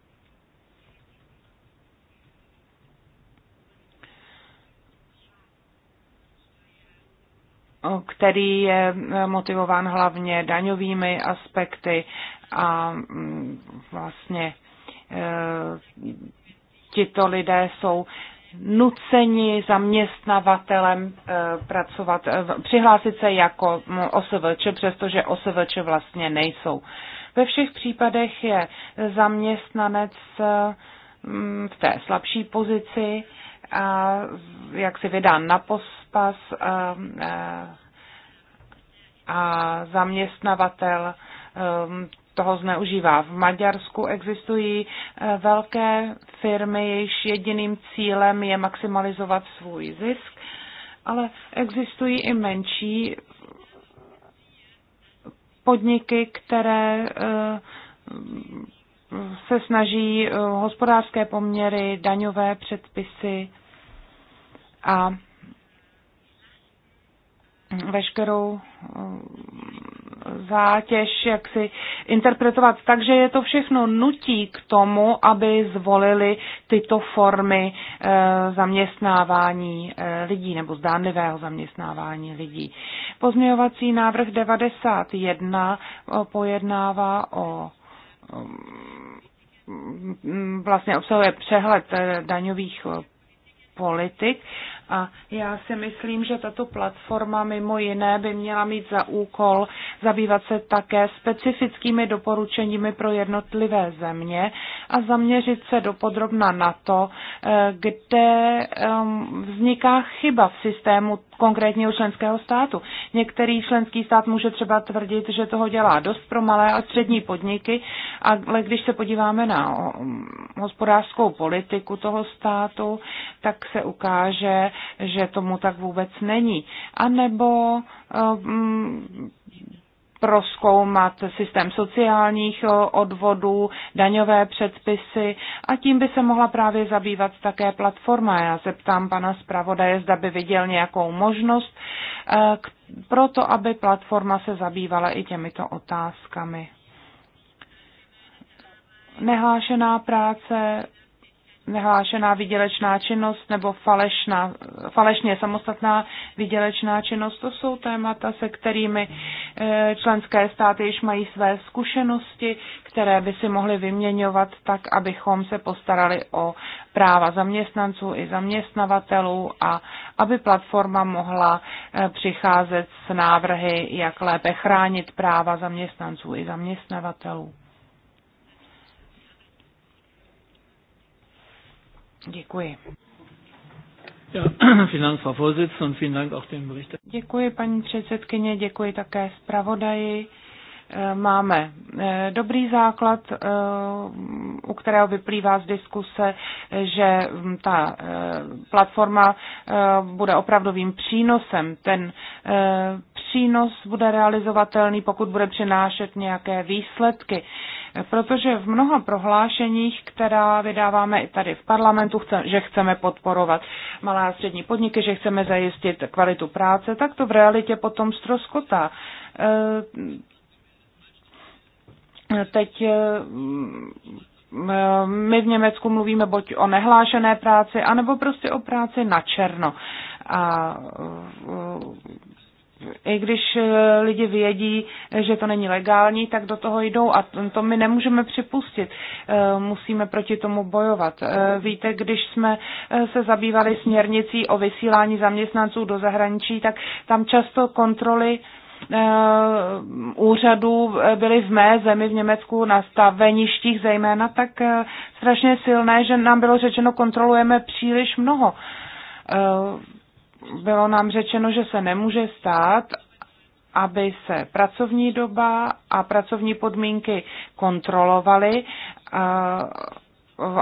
Speaker 3: který je eh, motivován hlavně daňovými aspekty a mm, vlastně eh, tito lidé jsou nuceni zaměstnavatelem eh, pracovat, přihlásit se jako mm, OSVČ, přestože OSVČ vlastně nejsou. Ve všech případech je zaměstnanec mm, v té slabší pozici a jak si vydá na pospas a, a zaměstnavatel toho zneužívá. V Maďarsku existují velké firmy, jejichž jediným cílem je maximalizovat svůj zisk, ale existují i menší podniky, které se snaží hospodářské poměry, daňové předpisy a veškerou uh, zátěž, jak si interpretovat. Takže je to všechno nutí k tomu, aby zvolili tyto formy uh, zaměstnávání uh, lidí nebo zdánlivého zaměstnávání lidí. Pozměňovací návrh 91 pojednává o um, vlastně obsahuje přehled daňových politik a já si myslím, že tato platforma mimo jiné by měla mít za úkol zabývat se také specifickými doporučeními pro jednotlivé země a zaměřit se dopodrobna na to, eh, kde ehm, vzniká chyba v systému konkrétního členského státu. Některý členský stát může třeba tvrdit, že toho dělá dost pro malé a střední podniky, ale když se podíváme na mm, hospodářskou politiku toho státu, tak se ukáže, že tomu tak vůbec není. A nebo eh, mm, proskoumat systém sociálních eh, odvodů, daňové předpisy a tím by se mohla právě zabývat také platforma. Já se ptám pana zpravodaje, zda by viděl nějakou možnost eh, pro to, aby platforma se zabývala i těmito otázkami. Nehlášená práce nehlášená vydělečná činnost nebo falešná, falešně samostatná vydělečná činnost. To jsou témata, se kterými eh, členské státy již mají své zkušenosti, které by si mohly vyměňovat tak, abychom se postarali o práva zaměstnanců i zaměstnavatelů a aby platforma mohla eh, přicházet s návrhy, jak lépe chránit práva zaměstnanců i zaměstnavatelů. Děkuji. Děkuji, paní předsedkyně, děkuji také zpravodaji. Eh, máme eh, dobrý základ, eh, u kterého vyplývá z diskuse, že mm, ta platforma bude opravdovým přínosem. Ten přínos bude realizovatelný, pokud bude přinášet nějaké výsledky protože v mnoha prohlášeních, která vydáváme i tady v parlamentu, chce, že chceme podporovat malé a střední podniky, že chceme zajistit kvalitu práce, tak to v realitě potom stroskotá. E, teď e, my v Německu mluvíme buď o nehlášené práci, anebo prostě o práci na černo. A e, i když eh, lidi vědí, že to není legální, tak do toho jdou a to my nemůžeme připustit. Eh, musíme proti tomu bojovat. Eh, víte, když jsme se zabývali směrnicí o vysílání zaměstnanců do zahraničí, tak tam často kontroly úřadů byly v mé zemi v Německu na staveništích zejména tak strašně silné, že nám bylo řečeno, kontrolujeme příliš mnoho bylo nám řečeno, že se nemůže stát, aby se pracovní doba a pracovní podmínky kontrolovaly,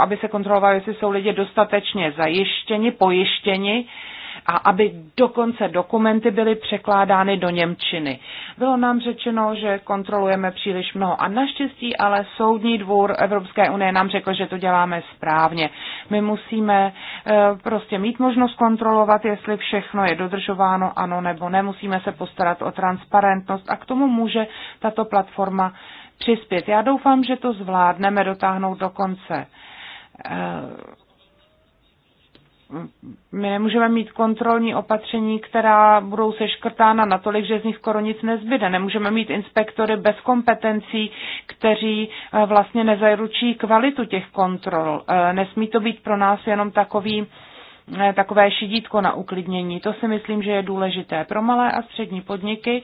Speaker 3: aby se kontrolovaly, jestli jsou lidé dostatečně zajištěni, pojištěni a aby dokonce dokumenty byly překládány do Němčiny. Bylo nám řečeno, že kontrolujeme příliš mnoho a naštěstí ale Soudní dvůr Evropské unie nám řekl, že to děláme správně. My musíme eh, prostě mít možnost kontrolovat, jestli všechno je dodržováno, ano nebo ne. Musíme se postarat o transparentnost a k tomu může tato platforma přispět. Já doufám, že to zvládneme dotáhnout do konce eh, my nemůžeme mít kontrolní opatření, která budou seškrtána natolik, že z nich skoro nic nezbyde. Nemůžeme mít inspektory bez kompetencí, kteří eh, vlastně nezaručí kvalitu těch kontrol. Eh, nesmí to být pro nás jenom takový eh, takové šidítko na uklidnění. To si myslím, že je důležité pro malé a střední podniky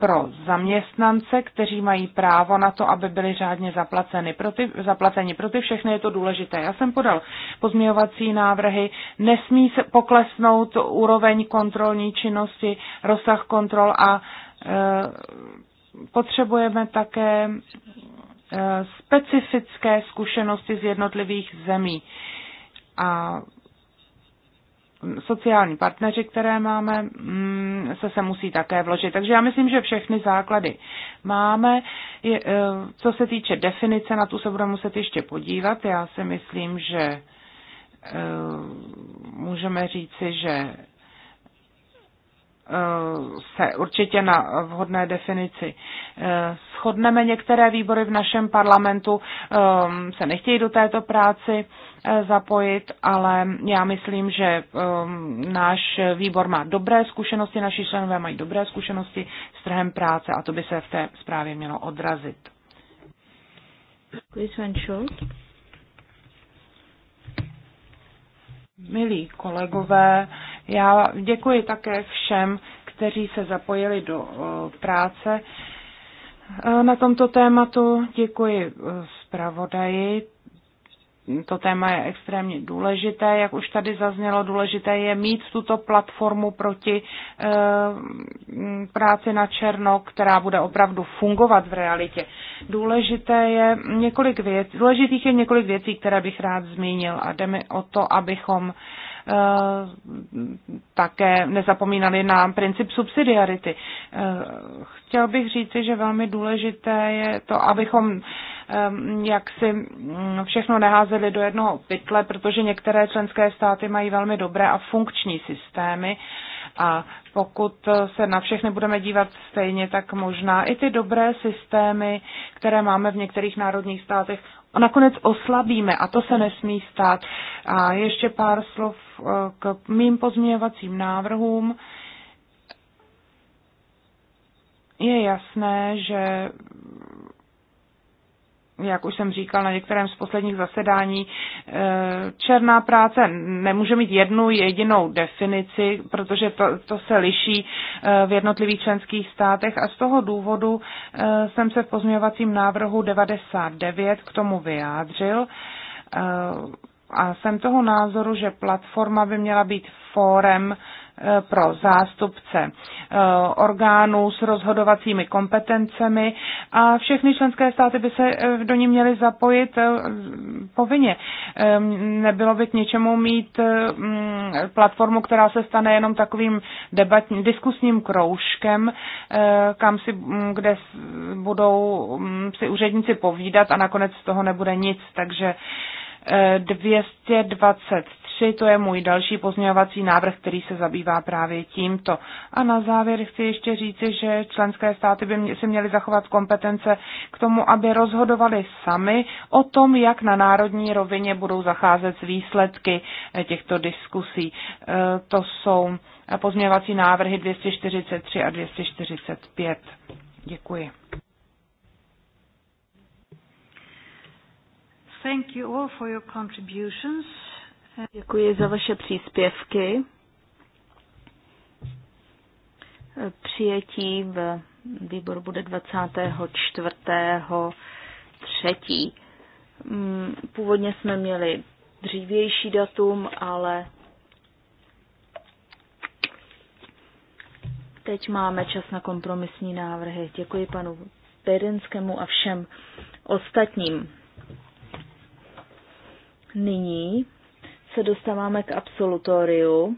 Speaker 3: pro zaměstnance, kteří mají právo na to, aby byli řádně zaplaceni. Pro ty, zaplaceni. Pro ty všechny je to důležité. Já jsem podal pozměňovací návrhy. Nesmí se poklesnout úroveň kontrolní činnosti, rozsah kontrol a e, potřebujeme také e, specifické zkušenosti z jednotlivých zemí. A sociální partneři, které máme, mm, se se musí také vložit. Takže já myslím, že všechny základy máme. Eh, co se týče definice, na tu se budeme muset ještě podívat. Já si myslím, že eh, můžeme říci, že Eh, se určitě na vhodné definici eh, shodneme. Některé výbory v našem parlamentu eh, se nechtějí do této práci zapojit, ale já myslím, že náš výbor má dobré zkušenosti, naši členové mají dobré zkušenosti s trhem práce a to by se v té zprávě mělo odrazit. Milí kolegové, já děkuji také všem, kteří se zapojili do eh, práce eh, na tomto tématu. Děkuji eh, zpravodaji. To téma je extrémně důležité. Jak už tady zaznělo, důležité je mít tuto platformu proti práci na černo, která bude opravdu fungovat v realitě. Důležité je několik věcí, důležitých je několik věcí, které bych rád zmínil a jde mi o to, abychom Eh, také nezapomínali na princip subsidiarity. Eh, chtěl bych říci, že velmi důležité je to, abychom eh, jak si mm, všechno neházeli do jednoho pytle, protože některé členské státy mají velmi dobré a funkční systémy a pokud se na všechny budeme dívat stejně, tak možná i ty dobré systémy, které máme v některých národních státech, nakonec oslabíme a to se nesmí stát. A ještě pár slov eh, k mým pozměňovacím návrhům. Je jasné, že jak už jsem říkal na některém z posledních zasedání, eh, černá práce nemůže mít jednu jedinou definici, protože to, to se liší eh, v jednotlivých členských státech a z toho důvodu eh, jsem se v pozměňovacím návrhu 99 k tomu vyjádřil a jsem toho názoru, že platforma by měla být fórem e, pro zástupce e, orgánů s rozhodovacími kompetencemi a všechny členské státy by se e, do ní měly zapojit povinně. Nebylo by k něčemu mít platformu, která se stane jenom takovým debatním, diskusním kroužkem, kam si, kde budou si úředníci povídat a nakonec z toho nebude nic. Takže 223, eh, to je můj další pozměňovací návrh, který se zabývá právě tímto. A na závěr chci ještě říci, že členské státy by si měly zachovat kompetence k tomu, aby rozhodovali sami o tom, jak na národní rovině budou zacházet s výsledky eh, těchto diskusí. Eh, to jsou pozměňovací návrhy 243 a 245. Děkuji. Thank you all for your contributions. Děkuji za vaše příspěvky.
Speaker 1: Přijetí v výboru bude 24.3. Mm, původně jsme měli dřívější datum, ale teď máme čas na kompromisní návrhy. Děkuji panu Perinskému a všem ostatním. Nyní se dostáváme k absolutoriu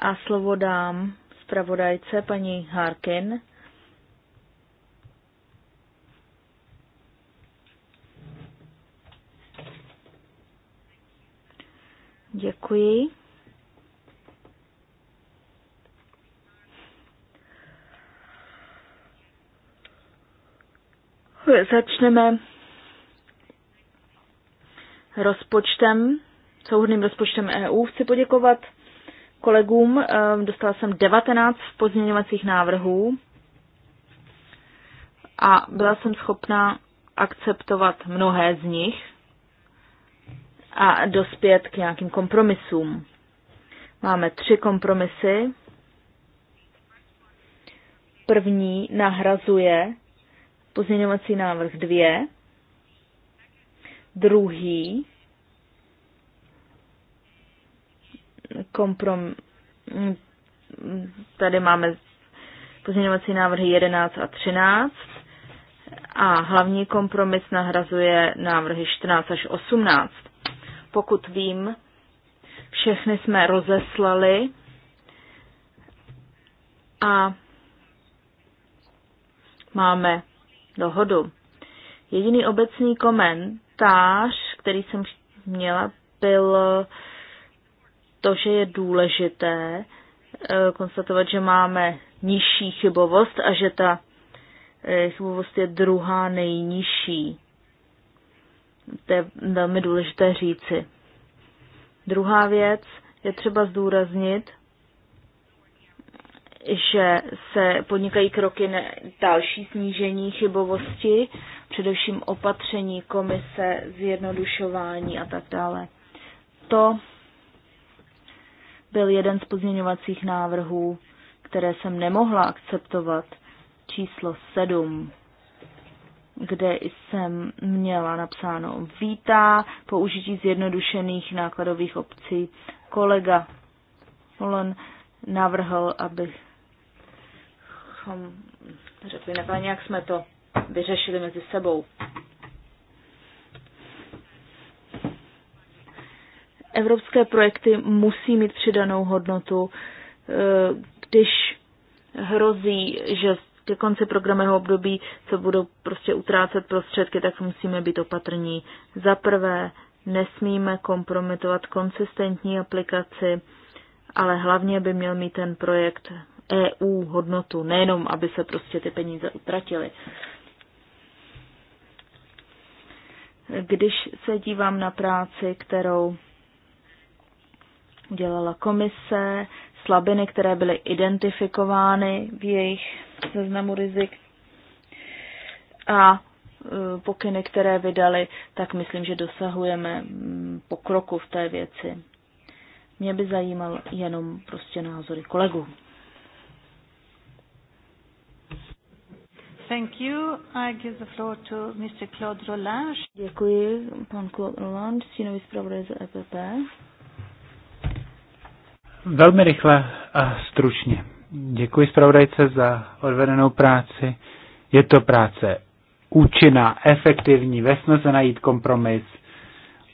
Speaker 1: a slovo dám zpravodajce paní Harkin. Děkuji. Začneme rozpočtem, souhrným rozpočtem EU. Chci poděkovat kolegům, ehm, dostala jsem 19 pozměňovacích návrhů a byla jsem schopna akceptovat mnohé z nich a dospět k nějakým kompromisům. Máme tři kompromisy. První nahrazuje pozměňovací návrh 2 Druhý komprom... Tady máme pozměňovací návrhy 11 a 13 a hlavní kompromis nahrazuje návrhy 14 až 18. Pokud vím, všechny jsme rozeslali a máme dohodu. Jediný obecný koment, stáž, který jsem měla, byl to, že je důležité eh, konstatovat, že máme nižší chybovost a že ta eh, chybovost je druhá nejnižší. To je velmi důležité říci. Druhá věc je třeba zdůraznit, že se podnikají kroky na další snížení chybovosti především opatření komise, zjednodušování a tak dále. To byl jeden z pozměňovacích návrhů, které jsem nemohla akceptovat, číslo 7, kde jsem měla napsáno vítá použití zjednodušených nákladových obcí. Kolega Holon navrhl, abychom hm, řekli, nevím, jak jsme to vyřešili mezi sebou. Evropské projekty musí mít přidanou hodnotu, eh, když hrozí, že ke konci programového období se budou prostě utrácet prostředky, tak musíme být opatrní. Za prvé, nesmíme kompromitovat konsistentní aplikaci, ale hlavně by měl mít ten projekt EU hodnotu, nejenom aby se prostě ty peníze utratily. Když se dívám na práci, kterou dělala komise, slabiny, které byly identifikovány v jejich seznamu rizik a e, pokyny, které vydali, tak myslím, že dosahujeme mm, pokroku v té věci. Mě by zajímal jenom prostě názory kolegů. Thank you. I give the floor to Mr. Claude Roland. Děkuji, pan Claude Roland, stínový zpravodaj za EPP.
Speaker 2: Velmi rychle a stručně. Děkuji zpravodajce za odvedenou práci. Je to práce účinná, efektivní, ve snaze najít kompromis,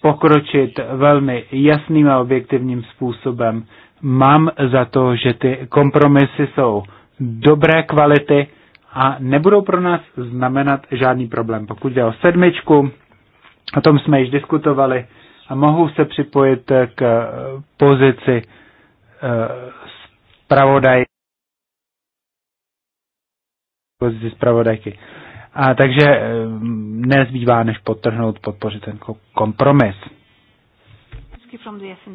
Speaker 2: pokročit velmi jasným a objektivním způsobem. Mám za to, že ty kompromisy jsou dobré kvality, a nebudou pro nás znamenat žádný problém. Pokud jde o sedmičku, o tom jsme již diskutovali a mohu se připojit k eh, pozici eh, zpravodajky. pozici zpravodajky. A takže eh, nezbývá, než potrhnout, podpořit ten kompromis.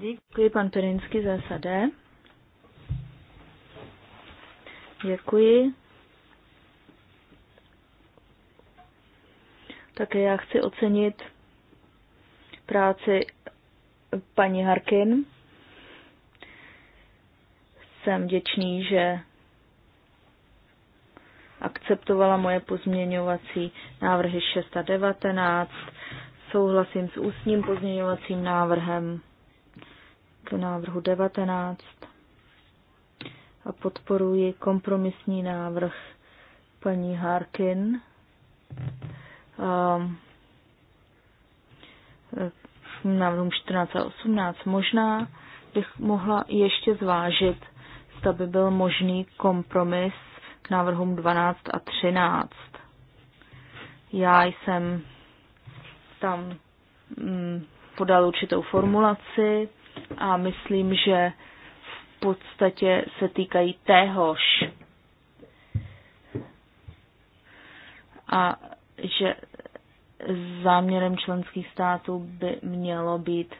Speaker 1: Děkuji pan Perinsky za SAD. Děkuji. Také já chci ocenit práci paní Harkin. Jsem děčný, že akceptovala moje pozměňovací návrhy 6 a 19. Souhlasím s ústním pozměňovacím návrhem k návrhu 19 a podporuji kompromisní návrh paní Harkin um, návrhům 14 a 18. Možná bych mohla ještě zvážit, zda by byl možný kompromis k návrhům 12 a 13. Já jsem tam mm, podal určitou formulaci a myslím, že v podstatě se týkají téhož. A že záměrem členských států by mělo být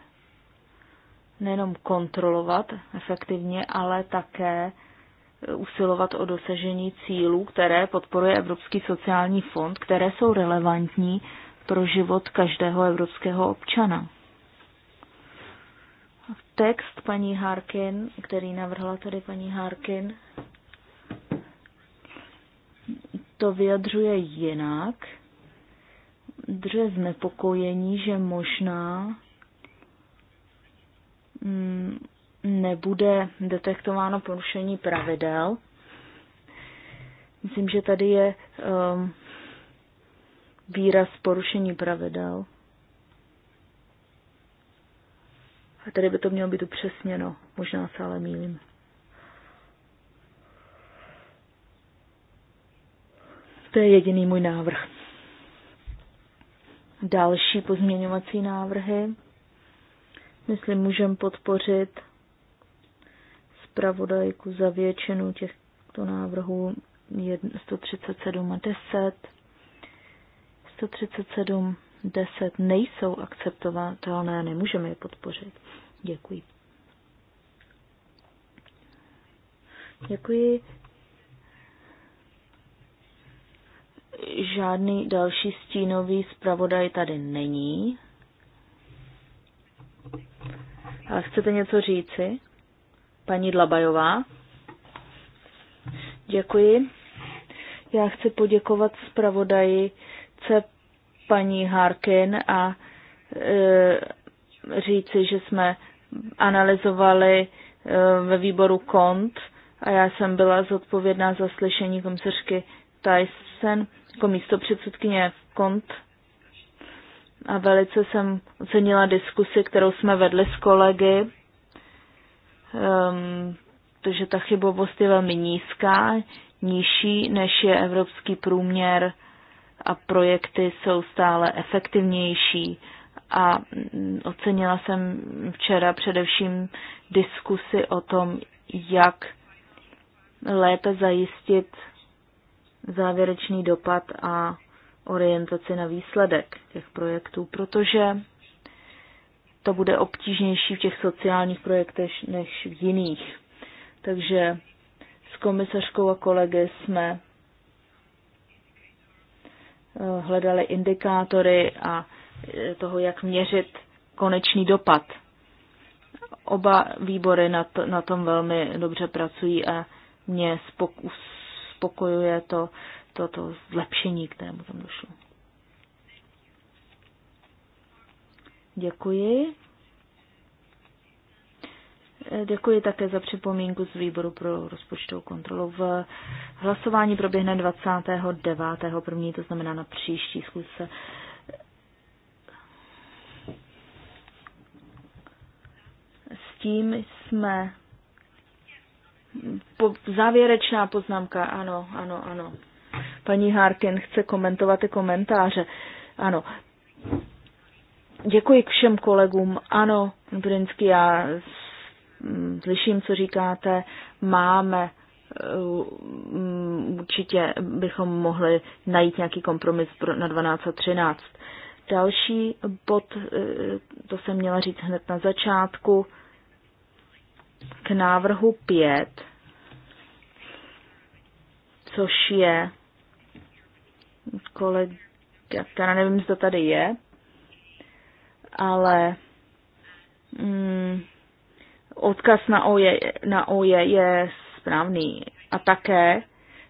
Speaker 1: nejenom kontrolovat efektivně, ale také usilovat o dosažení cílů, které podporuje Evropský sociální fond, které jsou relevantní pro život každého evropského občana. Text paní Harkin, který navrhla tady paní Harkin, to vyjadřuje jinak dře znepokojení, že možná mm, nebude detektováno porušení pravidel. Myslím, že tady je um, výraz porušení pravidel. A tady by to mělo být upřesněno. Možná se ale mýlím. To je jediný můj návrh další pozměňovací návrhy. Myslím, můžeme podpořit zpravodajku za většinu těchto návrhů 137 a 10. 137 10 nejsou akceptovatelné, nemůžeme je podpořit. Děkuji. Děkuji. Žádný další stínový zpravodaj tady není. A chcete něco říci? Paní Dlabajová? Děkuji. Já chci poděkovat zpravodajice paní Harkin a e, říci, že jsme analyzovali e, ve výboru KONT a já jsem byla zodpovědná za slyšení komisařky Tyson jako místo předsedkyně KONT a velice jsem ocenila diskusi, kterou jsme vedli s kolegy, um, ehm, protože ta chybovost je velmi nízká, nižší než je evropský průměr a projekty jsou stále efektivnější. A mm, ocenila jsem včera především diskusi o tom, jak lépe zajistit závěrečný dopad a orientaci na výsledek těch projektů, protože to bude obtížnější v těch sociálních projektech než v jiných. Takže s komisařkou a kolegy jsme eh, hledali indikátory a eh, toho, jak měřit konečný dopad. Oba výbory na, to, na tom velmi dobře pracují a mě spokus uspokojuje to, to, to zlepšení, kterému tam došlo. Děkuji. Děkuji také za připomínku z výboru pro rozpočtovou kontrolu. V hlasování proběhne 29.1., to znamená na příští schůzce. S tím jsme po, závěrečná poznámka, ano, ano, ano. Paní Harkin chce komentovat ty komentáře. Ano. Děkuji k všem kolegům. Ano, Brinsky, já slyším, co říkáte. Máme eh, určitě bychom mohli najít nějaký kompromis na 12 a 13. Další bod, eh, to jsem měla říct hned na začátku, k návrhu 5, což je kolega, já nevím, zda tady je, ale mm, odkaz na oje, na oje je správný. A také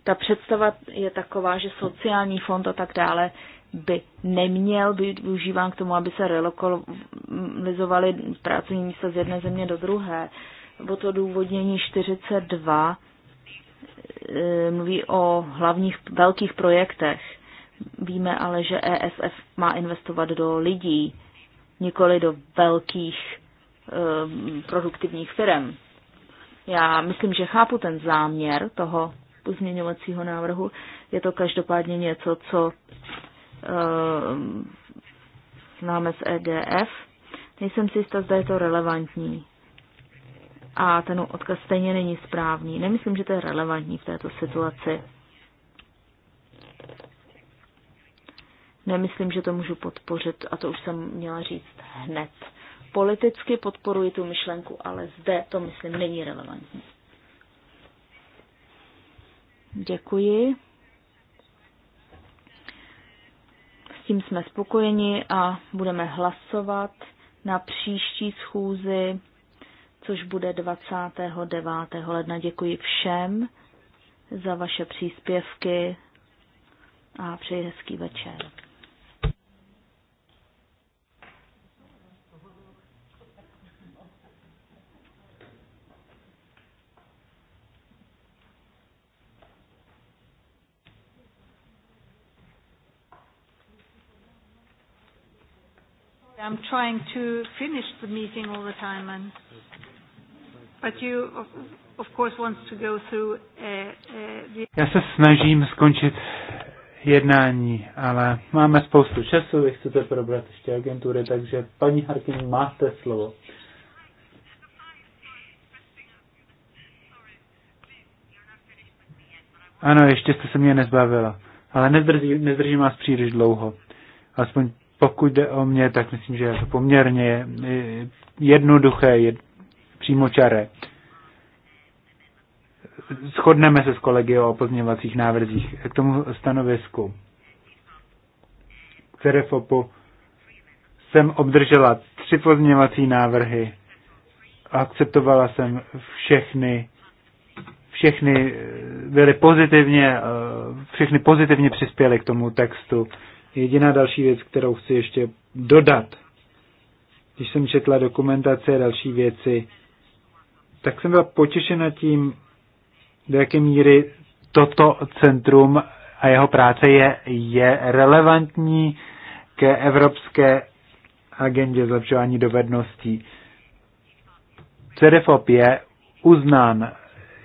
Speaker 1: ta představa je taková, že sociální fond a tak dále by neměl být využíván k tomu, aby se relokalizovali pracovní místa z jedné země do druhé. Uh, to důvodnění 42 e, mluví o hlavních velkých projektech. Víme ale, že ESF má investovat do lidí, nikoli do velkých e, produktivních firm. Já myslím, že chápu ten záměr toho pozměňovacího návrhu. Je to každopádně něco, co e, známe z EGF. Nejsem si jistá, zda je to relevantní a ten odkaz stejně není správný. Nemyslím, že to je relevantní v této situaci. Nemyslím, že to můžu podpořit a to už jsem měla říct hned. Politicky podporuji tu myšlenku, ale zde to, myslím, není relevantní. Děkuji. S tím jsme spokojeni a budeme hlasovat na příští schůzi což bude 29. ledna. Děkuji všem za vaše příspěvky a přeji hezký večer. I'm trying to finish the meeting all the time and Uh, uh,
Speaker 2: Já se snažím skončit jednání, ale máme spoustu času, vy chcete probrat ještě agentury, takže paní Harkin, máte slovo. Ano, ještě jste se mě nezbavila, ale nezdrží, nezdržím vás příliš dlouho. Aspoň pokud jde o mě, tak myslím, že je to poměrně eh, jednoduché, přímočaré. Shodneme se s kolegy o pozměňovacích návrzích k tomu stanovisku. FOPu jsem obdržela tři pozměňovací návrhy. a Akceptovala jsem všechny všechny eh, byly pozitivně, eh, všechny pozitivně přispěly k tomu textu. Jediná další věc, kterou chci ještě dodat, když jsem četla dokumentace, a další věci, tak jsem byla potěšena tím, do jaké míry toto centrum a jeho práce je, je relevantní ke evropské agendě zlepšování dovedností. CDFOP je uznán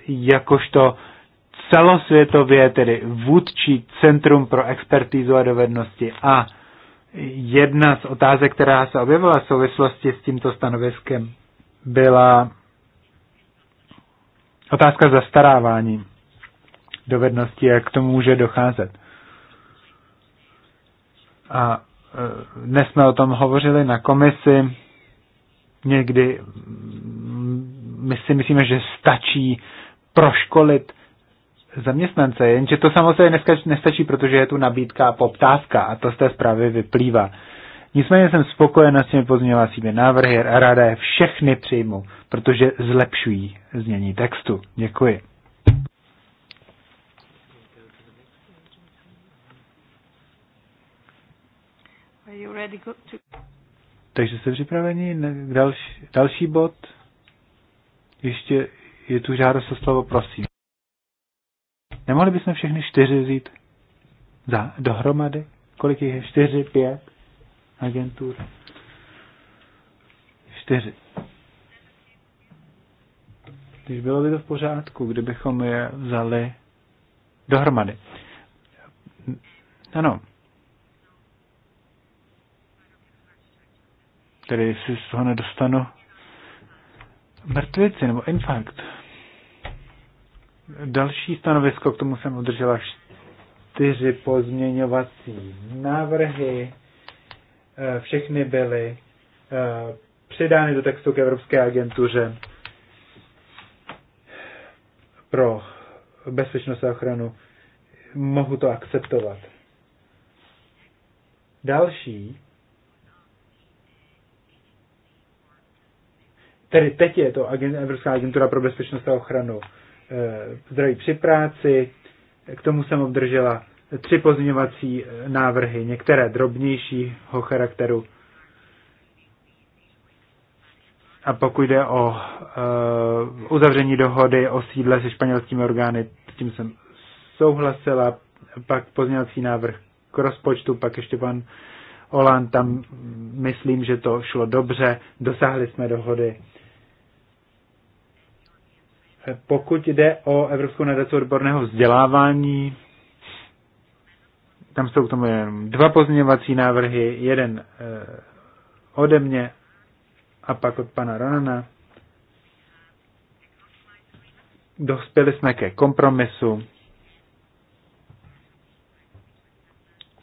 Speaker 2: jakožto celosvětově tedy vůdčí centrum pro expertízu a dovednosti. A jedna z otázek, která se objevila v souvislosti s tímto stanoviskem, byla Otázka zastarávání dovedností, jak k tomu může docházet. A e, dnes jsme o tom hovořili na komisi. Někdy mm, my si myslíme, že stačí proškolit zaměstnance, jenže to samozřejmě nestačí, protože je tu nabídka a poptávka a to z té zprávy vyplývá. Nicméně jsem spokojen s těmi pozměňovacími návrhy a ráda je všechny přijmu protože zlepšují znění textu. Děkuji. Takže jste připraveni na další, další bod? Ještě je tu žádost o slovo, prosím. Nemohli bychom všechny čtyři vzít za dohromady? Kolik jich je? Čtyři, pět agentur? Čtyři. Když bylo by to v pořádku, kdybychom je vzali dohromady. Ano. Tedy si z toho nedostanu mrtvici nebo infarkt. Další stanovisko, k tomu jsem udržela čtyři pozměňovací návrhy. E, všechny byly e, přidány do textu k Evropské agentuře pro bezpečnost a ochranu, mohu to akceptovat. Další, tedy teď je to Evropská agentura pro bezpečnost a ochranu eh, zdraví při práci, k tomu jsem obdržela tři pozměňovací eh, návrhy, některé drobnějšího charakteru a pokud jde o uh, uzavření dohody o sídle se španělskými orgány, s tím jsem souhlasila. Pak pozměňovací návrh k rozpočtu, pak ještě pan Olan, tam mm, myslím, že to šlo dobře, dosáhli jsme dohody. Eh, pokud jde o Evropskou nadaci odborného vzdělávání, tam jsou k tomu jenom dva pozměňovací návrhy, jeden eh, ode mě a pak od pana Ronana. Dospěli jsme ke kompromisu,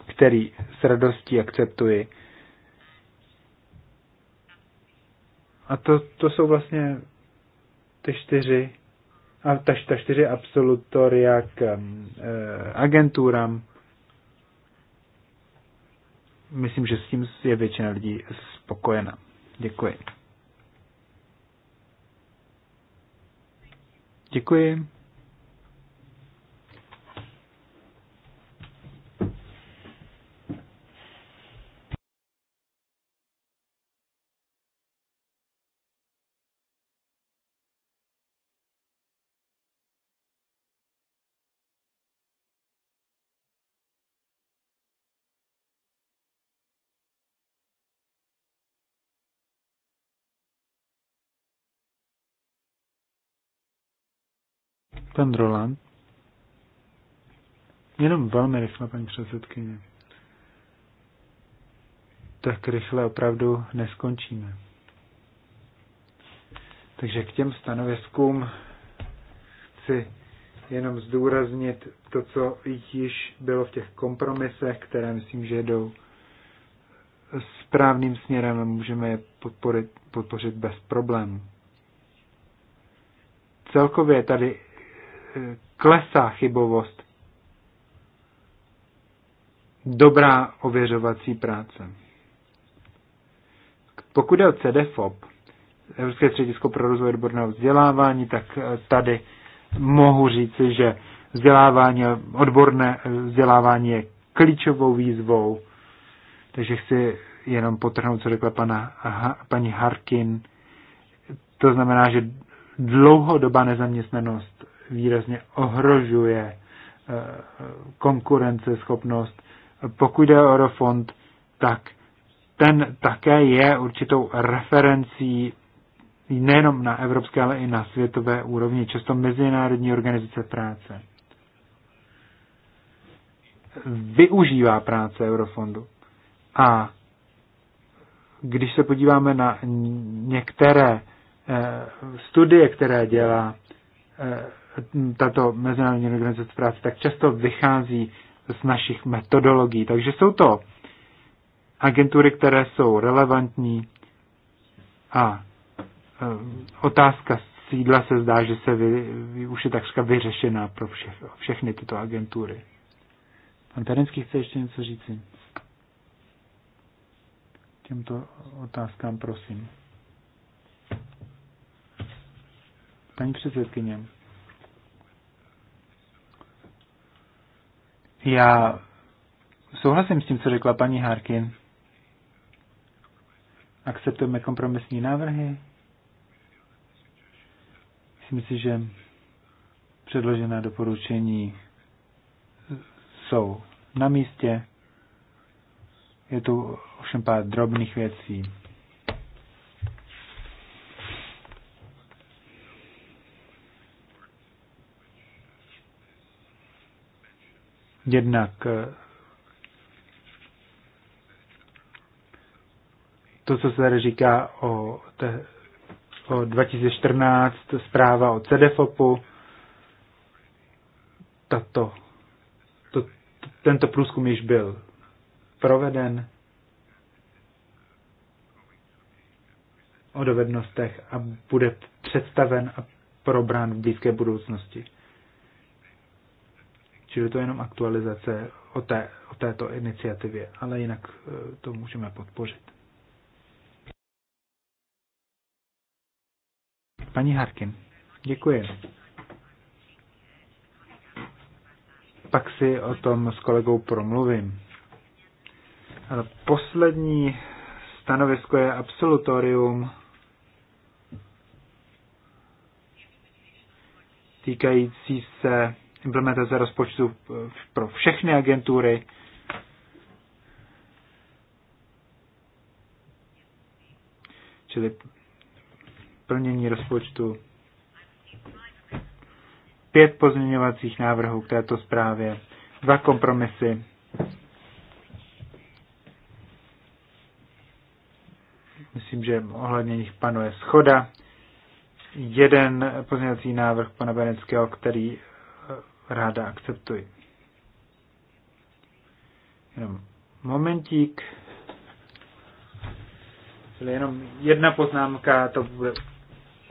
Speaker 2: který s radostí akceptuji. A to, to jsou vlastně ty čtyři, a ta, ta čtyři absolutoria k e, agenturám. Myslím, že s tím je většina lidí spokojena. Děkuji. Děkuji. Pan Roland. Jenom velmi rychle, paní předsedkyně. Tak rychle opravdu neskončíme. Takže k těm stanoviskům chci jenom zdůraznit to, co již bylo v těch kompromisech, které myslím, že jdou správným směrem a můžeme je podporit, podpořit bez problémů. Celkově tady klesá chybovost. Dobrá ověřovací práce. Pokud je o CDFOP, Evropské středisko pro rozvoj odborného vzdělávání, tak eh, tady mohu říci, že vzdělávání, odborné eh, vzdělávání je klíčovou výzvou. Takže chci jenom potrhnout, co řekla pana, paní Harkin. To znamená, že dlouhodobá nezaměstnanost výrazně ohrožuje eh, konkurenceschopnost. Pokud jde o Eurofond, tak ten také je určitou referencí nejenom na evropské, ale i na světové úrovni, často Mezinárodní organizace práce. Využívá práce Eurofondu. A když se podíváme na některé eh, studie, které dělá eh, tato Mezinárodní organizace práce tak často vychází z našich metodologií. Takže jsou to agentury, které jsou relevantní a eh, otázka sídla se zdá, že se vy, vy, už je takřka vyřešená pro vše, všechny tyto agentury. Pan Terenský chce ještě něco říci? Těmto otázkám prosím. Paní předsedkyně, Já souhlasím s tím, co řekla paní Harkin. Akceptujeme kompromisní návrhy. Myslím si, že předložená doporučení jsou na místě. Je tu ovšem pár drobných věcí, Jednak eh, to, co se tady říká o, te, o 2014, zpráva o CDFOPu, tato, to, tento průzkum již byl proveden o dovednostech a bude představen a probrán v blízké budoucnosti. Čili to je jenom aktualizace o, té, o této iniciativě, ale jinak e, to můžeme podpořit. Paní Harkin, děkuji. Pak si o tom s kolegou promluvím. E, poslední stanovisko je absolutorium týkající se implementace rozpočtu pro všechny agentury. Čili plnění rozpočtu. Pět pozměňovacích návrhů k této zprávě. Dva kompromisy. Myslím, že ohledně nich panuje schoda jeden pozměňovací návrh pana Beneckého, který ráda akceptuji. Jenom momentík. Byla jenom jedna poznámka, to bude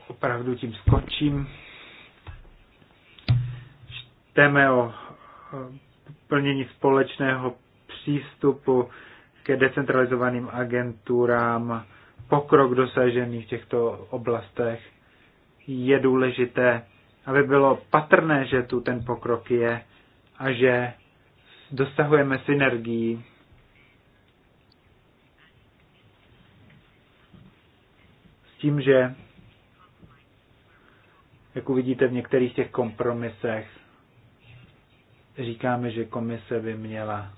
Speaker 2: opravdu tím skončím. Čteme o plnění společného přístupu ke decentralizovaným agenturám, pokrok dosažený v těchto oblastech je důležité aby bylo patrné, že tu ten pokrok je a že dosahujeme synergii. S tím, že, jak uvidíte v některých těch kompromisech, říkáme, že komise by měla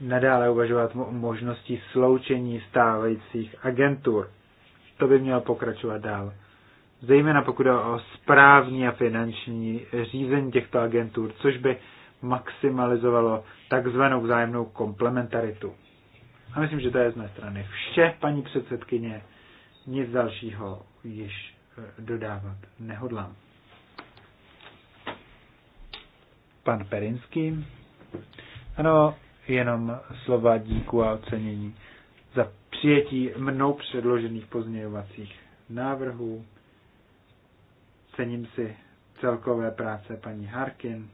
Speaker 2: nadále uvažovat o možnosti sloučení stávajících agentur. To by mělo pokračovat dál zejména pokud jde o správní a finanční řízení těchto agentur, což by maximalizovalo takzvanou vzájemnou komplementaritu. A myslím, že to je z mé strany vše, paní předsedkyně. Nic dalšího již eh, dodávat nehodlám. Pan Perinský. Ano, jenom slova díku a ocenění za přijetí mnou předložených pozměňovacích návrhů. Cením si celkové práce paní Harkin.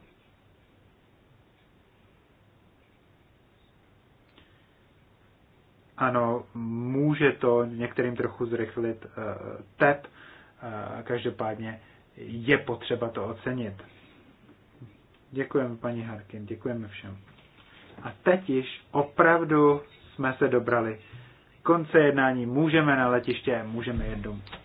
Speaker 2: Ano, může to některým trochu zrychlit eh, TEP, eh, každopádně je potřeba to ocenit. Děkujeme paní Harkin, děkujeme všem. A teď již opravdu jsme se dobrali konce jednání můžeme na letiště, můžeme jet domů.